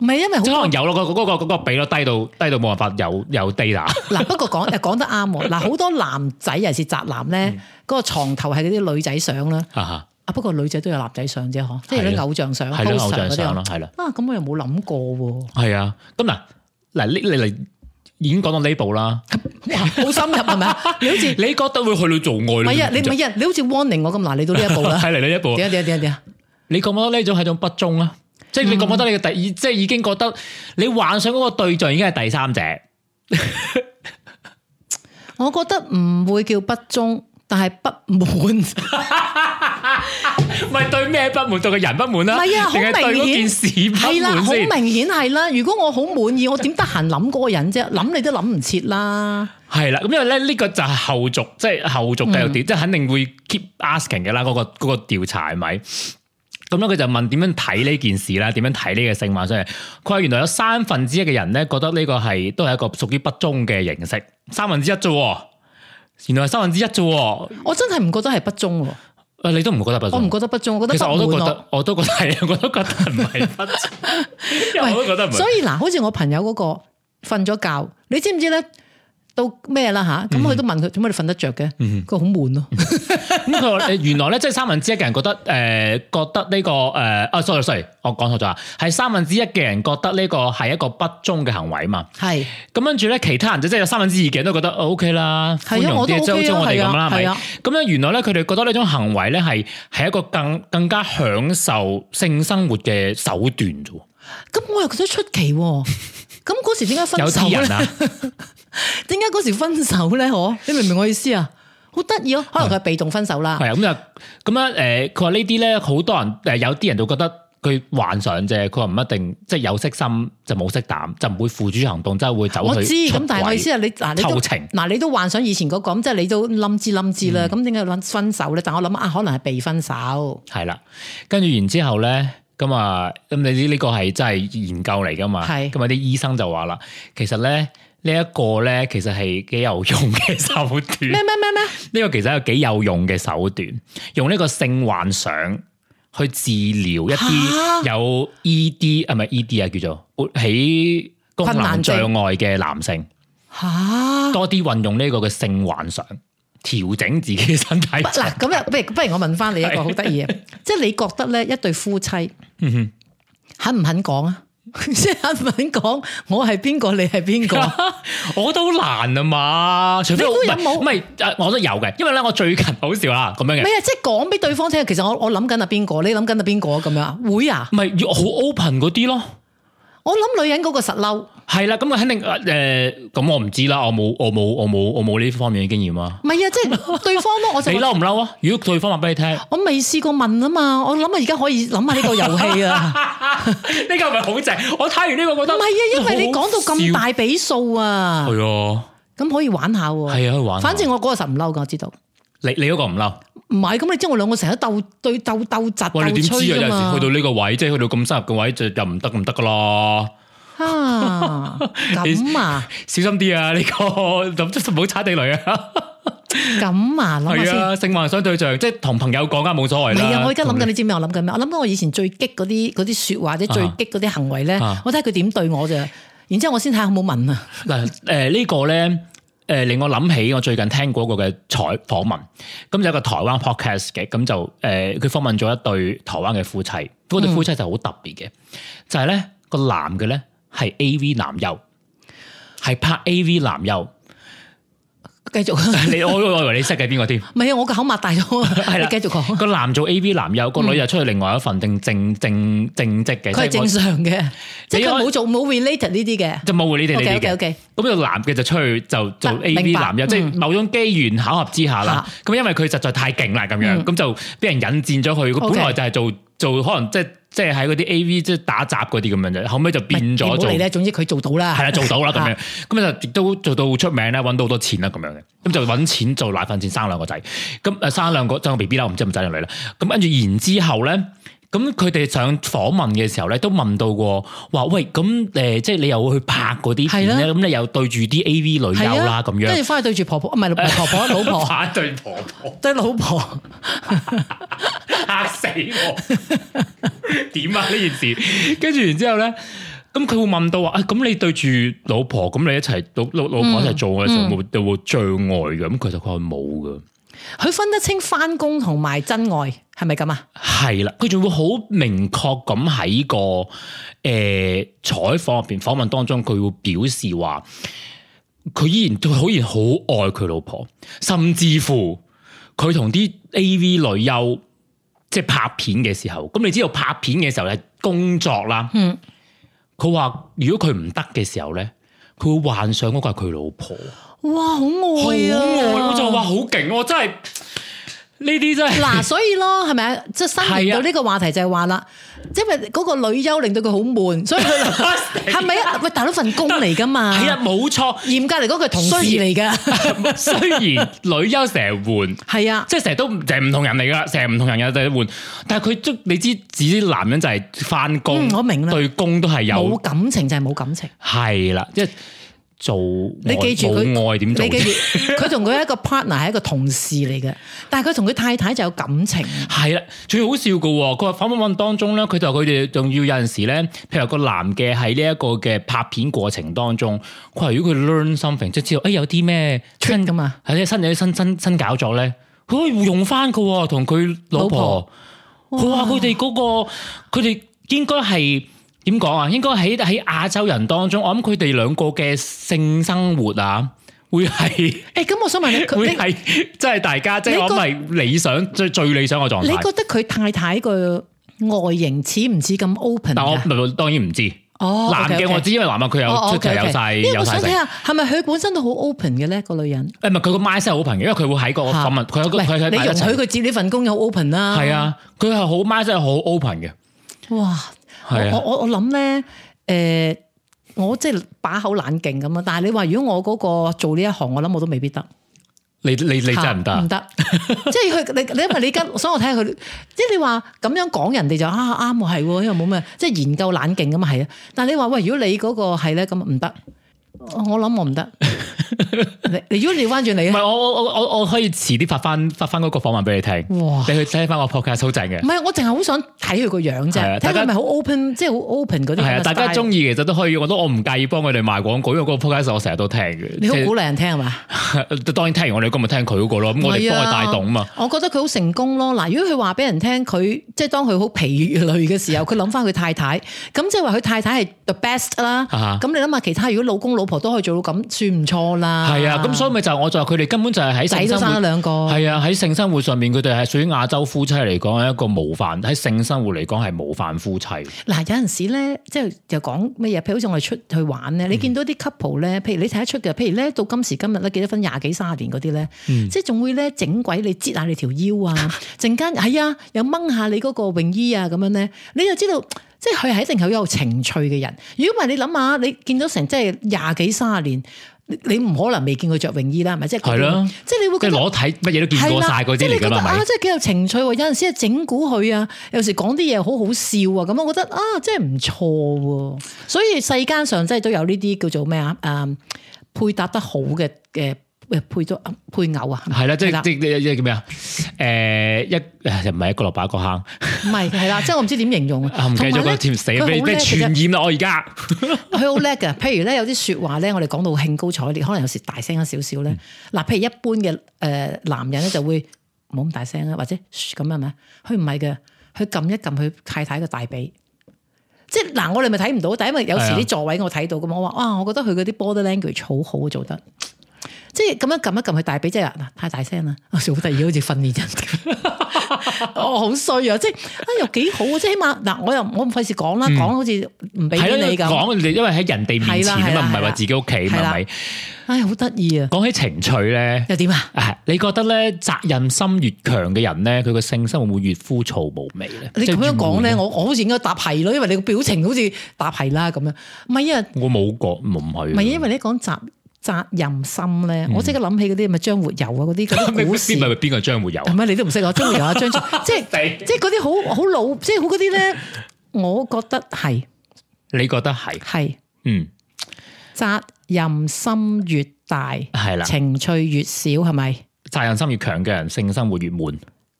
唔係因為即係可能有咯，嗰嗰個嗰個比率低到低到冇辦法有有 data。嗱，不過講誒講得啱喎。嗱，好多男仔又是宅男咧，嗰個床頭係啲女仔相啦。啊哈。啊，不過女仔都有男仔相啫，嗬。係咯。偶像相。係咯，偶像相咯。係啦。啊，咁我又冇諗過喎。係啊。咁嗱嗱呢你嚟已經講到呢步啦。哇，好深入係咪啊？你好似你覺得會去到做愛？唔係啊，你唔係啊，你好似 warning 我咁嗱，嚟到呢一步啦。係嚟呢一步。點啊點啊點啊點啊！你覺唔覺得呢種係種不忠啊？即係你覺唔覺得你嘅第二，即係已經覺得你幻想嗰個對象已經係第三者。 [LAUGHS] 我覺得唔會叫不忠，但係不滿。唔係 [LAUGHS] [LAUGHS] 對咩不滿？對個人不滿啦，唔係啊，好明顯係啦，好、啊、明顯係啦。如果我好滿意，我點得閒諗嗰個人啫？諗你都諗唔切啦。係啦、啊，咁因為咧呢、這個就係後續，即係後續繼續點，嗯、即係肯定會 keep asking 嘅啦。嗰、那個嗰、那個調查係咪？是咁咧，佢就問點樣睇呢件事啦？點樣睇呢個性化？所以佢話原來有三分之一嘅人咧，覺得呢個係都係一個屬於不忠嘅形式。三分之一啫，原來係三分之一啫。我真係唔覺得係不忠。誒，你都唔覺得不忠？我唔覺得不忠，我覺得其實我都覺得，我都覺得係，我都覺得唔係不忠。 [LAUGHS] 因為我都覺得唔係。 [LAUGHS] 所以嗱，好似我朋友嗰、嗰個瞓咗覺，你知唔知咧？到咩啦吓？咁、嗯、佢都問佢，做乜你瞓得着嘅？佢好悶咯。咁佢話原來咧即係三分之一嘅人覺得誒、呃，覺得呢、這個誒，啊，sorry sorry，我講錯咗啊，係三分之一嘅人覺得呢個係一個不忠嘅行為啊嘛。係咁，跟住咧，其他人就即係有三分之二嘅人都覺得、哦、O、okay、K 啦，寬、啊、容啲，即係好似我哋咁、OK、啦，係咪？咁咧原來咧，佢哋覺得呢種行為咧係係一個更更加享受性生活嘅手段啫。咁我又覺得出奇。咁嗰時點解分手有人咧？點解嗰時分手咧？嗬，你明唔明我意思啊？好得意咯，可能佢係被動分手啦。係、嗯、啊，咁就咁樣誒，佢話呢啲咧，好多人誒，有啲人都覺得佢幻想啫，佢話唔一定，即、就、係、係、有色心就冇色膽，就唔會付諸行動，即係會走。我知，咁但係我意思係你嗱，你都嗱透情，你都幻想以前嗰、那個咁，即係你都冧之冧之啦。咁點解諗分手咧？但我諗啊，可能係被分手。係啦，跟住然之後咧。咁啊，咁你知呢個係真係研究嚟噶嘛？係咁啊，啲醫生就話啦，其實咧呢一個咧，其實係幾有用嘅手段。咩咩咩咩？呢個其實係幾有用嘅手段，用呢個性幻想去治療一啲有 ED 啊，唔係 ED 啊，叫做勃起功能障礙嘅男性。吓，啊、多啲運用呢個嘅性幻想。調整自己身體、啊。嗱，咁啊，不如不如我問翻你一個好得意嘅，即係你覺得咧一對夫妻、嗯、哼肯唔肯講啊？ [LAUGHS] 即係肯唔肯講我係邊個，你係邊個？ [LAUGHS] 我都難啊嘛，除非我唔係，我都有嘅，因為咧我最近好笑啦，咁樣嘅。唔係啊，即係講俾對方聽，其實我我諗緊啊邊個，你諗緊啊邊個咁樣，會啊？咪，要好 open 嗰啲咯，我諗女人嗰個實嬲。係啦，咁佢肯定誒，咁、呃、我唔知啦，我冇，我冇，我冇，我冇呢方面嘅經驗啊。唔係啊，即係對方咯，我就 [LAUGHS] 你嬲唔嬲啊？如果對方話俾你聽，我未試過問啊嘛。我諗下而家可以諗下呢個遊戲啊，呢 [LAUGHS] [LAUGHS] 個係咪好正？我睇完呢個覺得唔係啊，因為你講到咁大比數啊，係 [LAUGHS] 啊，咁可以玩下喎、啊。係啊，可以玩。反正我嗰個實唔嬲噶，我知道。你你嗰個唔嬲？唔係，咁你知我兩個成日鬥對鬥鬥執鬥吹噶嘛？呃、你點知啊，有時去到呢個位，即係去到咁深入嘅位，又就又唔得，唔得噶啦。啊，咁啊，小心啲啊！呢、這個咁即係唔好踩地雷啊！咁 [LAUGHS] 啊，諗啊，性幻想對象即係同朋友講啊，冇所謂啦。係啊，我而家諗緊，你知唔知我諗緊咩？我諗緊我，我以前最激嗰啲嗰啲說話，或者最激嗰啲行為咧，啊、我睇下佢點對我就，然之後我先睇下好唔好問啊。嗱、啊、誒、呃這個，呢個咧，誒、呃、令我諗起我最近聽過一個嘅採訪問，咁有一個台灣 podcast 嘅，咁就誒佢訪問咗一對台灣嘅夫妻，嗰對夫妻就好特別嘅，就係咧個男嘅咧。係 A V 男優，係拍 A V 男優。繼續，你我以為你識嘅邊個添？唔係啊，我個口擘大咗。係啦，繼續講。個男做 A V 男優，個女又出去另外一份定正正正職嘅。佢係正常嘅，即係佢冇做冇 related 呢啲嘅，就冇你哋呢啲嘅。咁個男嘅就出去就做 A V 男優，即係某種機緣巧合之下啦。咁因為佢實在太勁啦，咁樣咁就俾人引薦咗佢。佢本來就係做。做可能即係即係喺嗰啲 A.V. 即係打雜嗰啲咁樣啫，後尾就變咗做。唔咧是，做總之佢做到啦，係啦做到啦咁 [LAUGHS] 樣，咁就亦都做到出名啦，搵到好多錢啦咁樣嘅，咁就搵錢做奶粉錢生兩個仔，咁誒生兩個生個 B.B. 啦，唔知係咪仔定女啦，咁跟住然之後咧。咁佢哋上訪問嘅時候咧，都問到喎，話喂，咁誒，即係你又去拍嗰啲片咧，咁、啊、你又對住啲 A.V. 女優啦，咁、啊、樣，跟住翻去對住婆婆，唔係婆婆，老婆， [LAUGHS] 對婆婆，即係老婆嚇 [LAUGHS] 死我，點 [LAUGHS] 啊 [LAUGHS] [LAUGHS] 呢件事？跟住然之後咧，咁佢會問到話，啊、哎，咁你對住老婆，咁你一齊老老婆一齊做嘅時候、嗯、 [LAUGHS] 會,會最愛就有冇障礙嘅？咁其實佢冇噶。佢分得清翻工同埋真愛係咪咁啊？係啦，佢仲會好明確咁喺個誒採訪入邊訪問當中，佢會表示話，佢依然都好然好愛佢老婆，甚至乎佢同啲 AV 女優即係拍片嘅時候，咁你知道拍片嘅時候咧，工作啦，嗯，佢話如果佢唔得嘅時候咧，佢會幻想嗰個係佢老婆。哇，好愛啊！好愛，我就話好勁，真係呢啲真係。嗱，所以咯，係咪啊？即係新到呢個話題就係話啦，啊、即係嗰個女優令到佢好悶，所以佢係咪啊是是？喂，大佬份工嚟噶嘛？係啊，冇錯，嚴格嚟講，佢係同事嚟噶。雖然， [LAUGHS] 雖然女優成日換，係啊，即係成日都成唔同人嚟噶，成日唔同人又在換。但係佢即你知，自己男人就係翻工，我明對工都係有冇感情就係冇感情，係啦了，即係。做你記住佢，愛點做？你記住佢同佢一個 partner 係一個同事嚟嘅， [LAUGHS] 但係佢同佢太太就有感情。係啦，最好笑嘅、哦，佢話反反問,問當中咧，佢就話佢哋仲要有陣時咧，譬如個男嘅喺呢一個嘅拍片過程當中，佢話如果佢 learn something，即係知道，哎，有啲咩新咁啊，係啲新嘢、新新新,新,新,新,新,新,新搞作咧，佢可以用翻嘅喎，同佢老婆。佢婆、那個、哇！佢哋嗰個，佢哋應該係。點講啊？應該喺喺亞洲人當中，我諗佢哋兩個嘅性生活啊，會係誒咁，我想問你佢會係即係大家即係諗係理想最最理想嘅狀態？你覺得佢太太個外形似唔似咁 open？但係我當然唔知哦，男嘅我知，因為男嘅佢有出奇有晒。因為我想睇下係咪佢本身都好 open 嘅咧，個女人誒，唔係佢個 mind 真係好 open 嘅，因為佢會喺個訪問佢佢佢佢容許佢接呢份工有 open 啦。係啊，佢係好 mind 真係好 open 嘅。哇！我我我諗咧，誒、呃，我即係把口冷靜咁啊！但係你話如果我嗰個做呢一行，我諗我都未必得。你你你真係唔得，唔得！ [LAUGHS] 即係佢你你，因為你而家，所以我睇下佢。即係你話咁樣講人哋就啊啱啊，係因為冇咩，即係研究冷靜咁啊，係啊！但係你話喂，如果你嗰、嗰個係咧，咁唔得。我諗我唔得，如果你彎轉嚟，唔係我我我我我可以遲啲發翻發翻嗰個訪問俾你聽，哇！你去睇翻個 podcast 好正嘅，唔係我淨係好想睇佢個樣啫，睇佢咪好 open，即係好 open 嗰啲。係啊，大家中意其實都可以，我覺得我唔介意幫佢哋賣廣告，因為嗰個 podcast 我成日都聽嘅。你好鼓勵人聽係嘛？就是、 [LAUGHS] 當然聽完我哋今日聽佢嗰、嗰個咯，咁我哋幫佢帶動啊嘛。的我覺得佢好成功咯。嗱，如果佢話俾人聽，佢即係當佢好疲累嘅時候，佢諗翻佢太太，咁即係話佢太太係 the best 啦。咁你諗下，其他如果老公老婆。婆婆都可以做到咁，算唔錯啦。係啊，咁所以咪就係、是、我就話佢哋根本就係喺性生活，係啊，喺性生活上面佢哋係屬於亞洲夫妻嚟講係一個模範。喺性生活嚟講係模範夫妻。嗱，有陣時咧，即係又講咩嘢？譬如好似我哋出去玩咧，嗯、你見到啲 couple 咧，譬如你睇得出嘅，譬如咧到今時今日咧，結咗婚，廿幾卅年嗰啲咧，嗯、即係仲會咧整鬼你，折、 [LAUGHS] 哎、下你條腰啊，陣間係啊，又掹下你嗰個泳衣啊，咁樣咧，你就知道。即係佢係一定係好有情趣嘅人。如果唔係，你諗下，你見到成即係廿幾卅年，你唔可能未見佢着泳衣啦，係咪？的即係，係咯。即係你會覺得裸體乜嘢都見過晒嗰啲嚟噶啦，啊，即係幾有情趣。有陣時係整蠱佢啊，有時講啲嘢好好笑啊，咁我覺得啊，即係唔錯。所以世間上真係都有呢啲叫做咩啊？嗯、呃，配搭得好嘅嘅。呃配咗配偶啊？係啦，即係即即係叫咩啊？誒一又唔係一個蘿蔔一個坑，唔係係啦，即係我唔知點形容啊！唔記得個甜死味咩傳染啊？我而家佢好叻㗎，譬如咧有啲説話咧，我哋講到興高采烈，可能有時大聲一少少咧。嗱，譬如一般嘅誒男人咧就會冇咁大聲啊，或者咁係咪？佢唔係嘅，佢撳一撳佢太太個大髀，即係嗱我哋咪睇唔到，但係因為有時啲座位我睇到㗎嘛。我話哇，我覺得佢嗰啲 body language 好好做得。即係咁樣撳一撳佢大髀，即係嗱太大聲啦，好得意，好似訓練人，我好衰啊！即係啊、哎、又幾好即係起碼嗱、呃，我又我唔費事講啦，講、嗯、好似唔俾你咁。講、嗯啊、因為喺人哋面前咁啊，唔係話自己屋企係咪。唉，好得意啊！講起情趣咧，又點啊？你覺得咧責任心越強嘅人咧，佢個性生活會越枯燥無味咧？你咁樣講咧，我我好似應該答係咯，因為你個表情好似答係啦咁樣。唔係啊，我冇覺唔係。唔係因為咧講責。責任心咧，我即刻諗起嗰啲咪張活游啊，嗰啲咁嘅故事。邊咪邊個張活游？係咪 [LAUGHS] 你都唔識啊，張活游啊張，即係 [LAUGHS] 即係嗰啲好好老，即係好嗰啲咧。我覺得係，你覺得係，係是，嗯，責任心越大，係啦的，情趣越少，係咪？責任心越強嘅人，性生活越悶。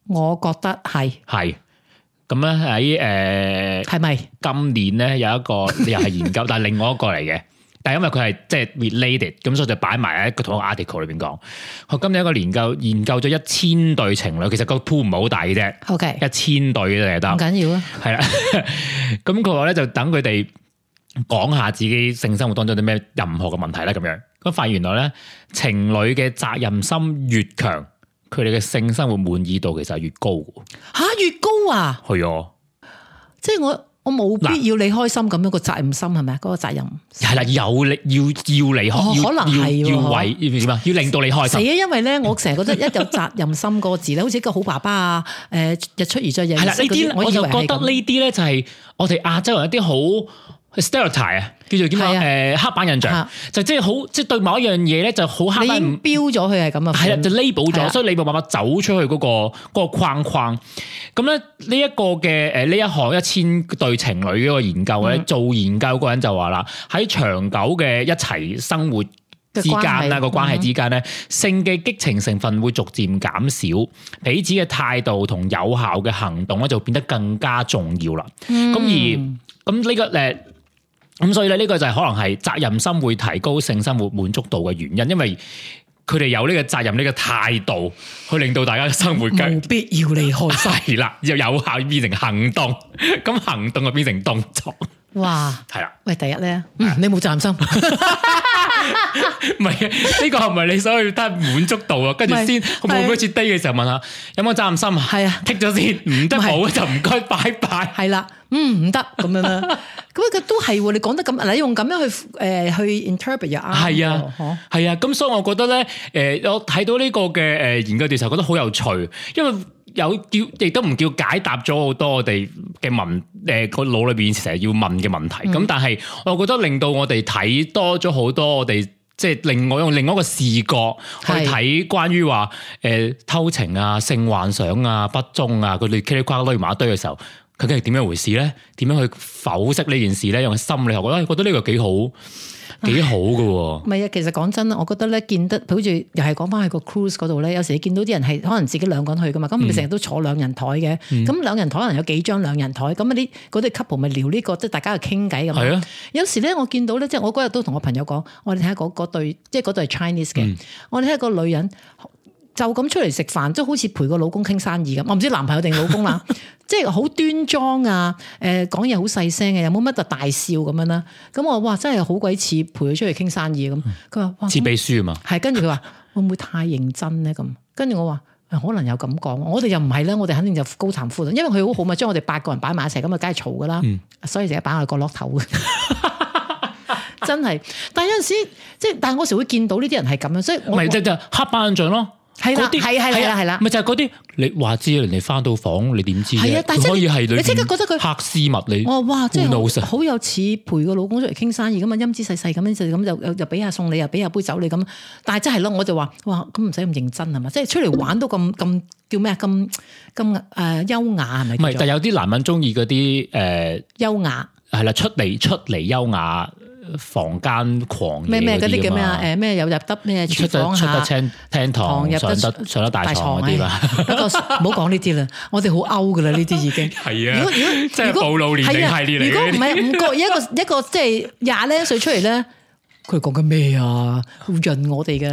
我覺得係，係。咁咧喺誒，係咪？今年咧有一個你又係研究，但係另外一個嚟嘅。嗎 [LAUGHS] [LAUGHS] 但係因為佢係即係 related，咁所以就擺埋喺一個同一 article 裏邊講。佢今年一個研究研究咗一千對情侶，其實個 pool 唔係好大嘅啫。OK，一千對嘅啫得。唔緊要啊。係啦是的，咁佢話咧就等佢哋講下自己性生活當中啲咩任何嘅問題啦。咁樣。咁發現原來咧情侶嘅責任心越強，佢哋嘅性生活滿意度其實係越高。吓，啊，越高啊？係啊的，即係我。我冇必要你開心咁樣、嗰個責任心係咪？嗰、嗰個責任係啦，有力要要你開，要要，要，要，要為要點啊？要令到你開心。係啊，因為咧，我成日覺得一有責任心個字咧， [LAUGHS] 好似一個好爸爸啊，誒，日出而作日。係啦，呢啲，我就覺得呢啲咧就係我哋亞洲人一啲好 stereotype 啊。叫做點啊？誒刻板印象、啊、就即係好，即、就、係、是、對某一樣嘢咧，就好刻板。你已經標咗佢係咁啊！係啊，就 label 咗、啊，所以你冇辦法走出去嗰、那個那個框框。咁咧呢一個嘅誒呢一項一千對情侶嗰個研究咧，嗯、做研究嗰個人就話啦：喺長久嘅一齊生活之間啦，個關、嗯、關係之間咧，性嘅激情成分會逐漸減，減少，彼此嘅態度同有效嘅行動咧，就變得更加重要啦。咁、嗯嗯、而咁呢個誒。嗯咁所以咧，呢個就係可能係責任心會提高性生活滿足度嘅原因，因為佢哋有呢個責任呢個態度，去令到大家嘅生活更無必要離開，係啦，又有效變成行動，咁行動就變成動作。哇，係啊，喂，第一咧，你冇責任心，唔係呢個係咪你所以得滿足度啊？跟住先，我每每次低嘅時候問下有冇責任心啊？係啊，剔咗先，唔得冇就唔該，拜拜，係啦，嗯，唔得咁樣啦。咁佢都係，你講得咁，你用咁樣去誒去 interpret 啊。啱，係啊，係啊，咁所以我覺得咧，誒我睇到呢個嘅誒研究嘅時候覺得好有趣，因為有叫亦都唔叫解答咗好多我哋嘅問，誒個腦裏邊成日要問嘅問題。咁但係我覺得令到我哋睇多咗好多，我哋即係另外用另外一個視角去睇關於話誒偷情啊、性幻想啊、不忠啊，佢哋 K 啲瓜攆埋一堆嘅時候。究竟點樣回事咧？點樣去剖析呢件事咧？用心理學，我覺得覺得呢個幾好，幾好嘅喎。唔係啊，其實講真啦，我覺得咧，見得好似又係講翻喺個 cruise 嗰度咧，有時你見到啲人係可能自己兩個人去嘅嘛，咁你成日都坐兩人台嘅，咁兩人台可能有幾張兩人台，咁啊啲嗰啲 couple 咪聊呢個，即係大家傾偈咁。係啊，有時咧我見到咧，即係我嗰日都同我朋友講，我哋睇下嗰嗰對，即係嗰對係 Chinese 嘅，我哋睇下個女人。就咁出嚟食飯，即係好似陪個老公傾生意咁。我唔知男朋友定老公啦， [LAUGHS] 即係好端莊啊，誒、呃，講嘢好細聲嘅，又冇乜就大笑咁樣啦。咁我哇，真係好鬼似陪佢出去傾生意咁。佢話哇，似秘書嘛，係跟住佢話會唔會太認真咧？咁跟住我話可能又咁講，我哋又唔係啦，我哋肯定就高談闊論，因為佢好好嘛，將我哋八個人擺埋一齊咁啊，梗係嘈噶啦，嗯、所以成日擺喺角落頭嘅， [LAUGHS] 真係。但係有陣時即係，但係我有時會見到呢啲人係咁樣，所以咪即就黑板印象咯。係啦，係啦，係啦些，係啦的，咪就係嗰啲，你話知人哋翻到房你，你點知嘅？可以係你，你即刻覺得佢拍絲襪你，我話、哦、哇，真係好，有似陪個老公出嚟傾生意咁啊，陰姿細細咁樣就咁就又俾下餸你，又俾下杯酒你咁。但係真係咯，我就話，哇，咁唔使咁認真係嘛，即係出嚟玩都咁咁叫咩啊？咁咁誒優雅係咪？係，不但係有啲男人中意嗰啲誒優雅，係啦，出嚟出嚟優雅。房間狂嘢咩咩嗰啲叫咩啊？誒咩有入得咩廚房出得出得廳堂入得上得，上得大床啲啦。 [LAUGHS] 不過唔好講呢啲啦，我哋好歐噶啦，呢啲已經係啊！ [LAUGHS] 如果如果真係暴露年齡嘅太呢啲嚟。如果唔係五個 [LAUGHS] 一個一個即係廿零歲出嚟咧，佢講緊咩啊？好潤我哋噶。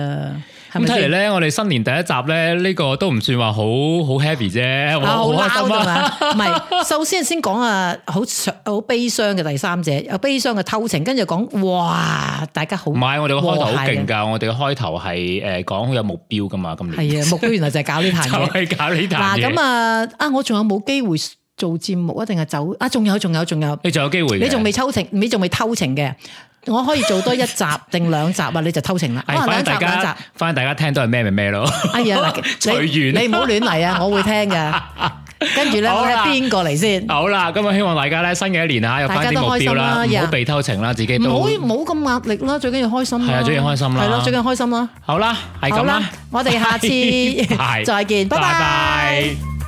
咁睇嚟咧，我哋新年第一集咧，呢個都唔算話好好 happy 啫，好開心啊！唔係，首先先講啊，好好悲傷嘅第三者，有悲傷嘅偷情，跟住又講哇，大家好，唔係我哋個開頭好勁噶，我哋嘅開頭係誒講好有目標噶嘛，今年係啊目標原來就係搞呢壇嘢，就係搞呢壇嘢。嗱咁啊啊，我仲有冇機會做節目啊？定係走啊？仲有仲有仲有，你仲有機會，你仲未偷情，你仲未偷情嘅。我可以做多一集定兩集啊，你就偷情啦。翻大家，翻大家聽都係咩咪咩咯。哎呀，隨緣，你唔好亂嚟啊，我會聽㗎。跟住咧，邊個嚟先？好啦，今日希望大家咧新嘅一年啊，又翻啲目標啦，唔好被偷情啦，自己唔好唔好咁壓力啦，最緊要開心。係啊，最緊要開心啦。係咯，最緊要開心啦。好啦，係咁啦，我哋下次再見，拜拜。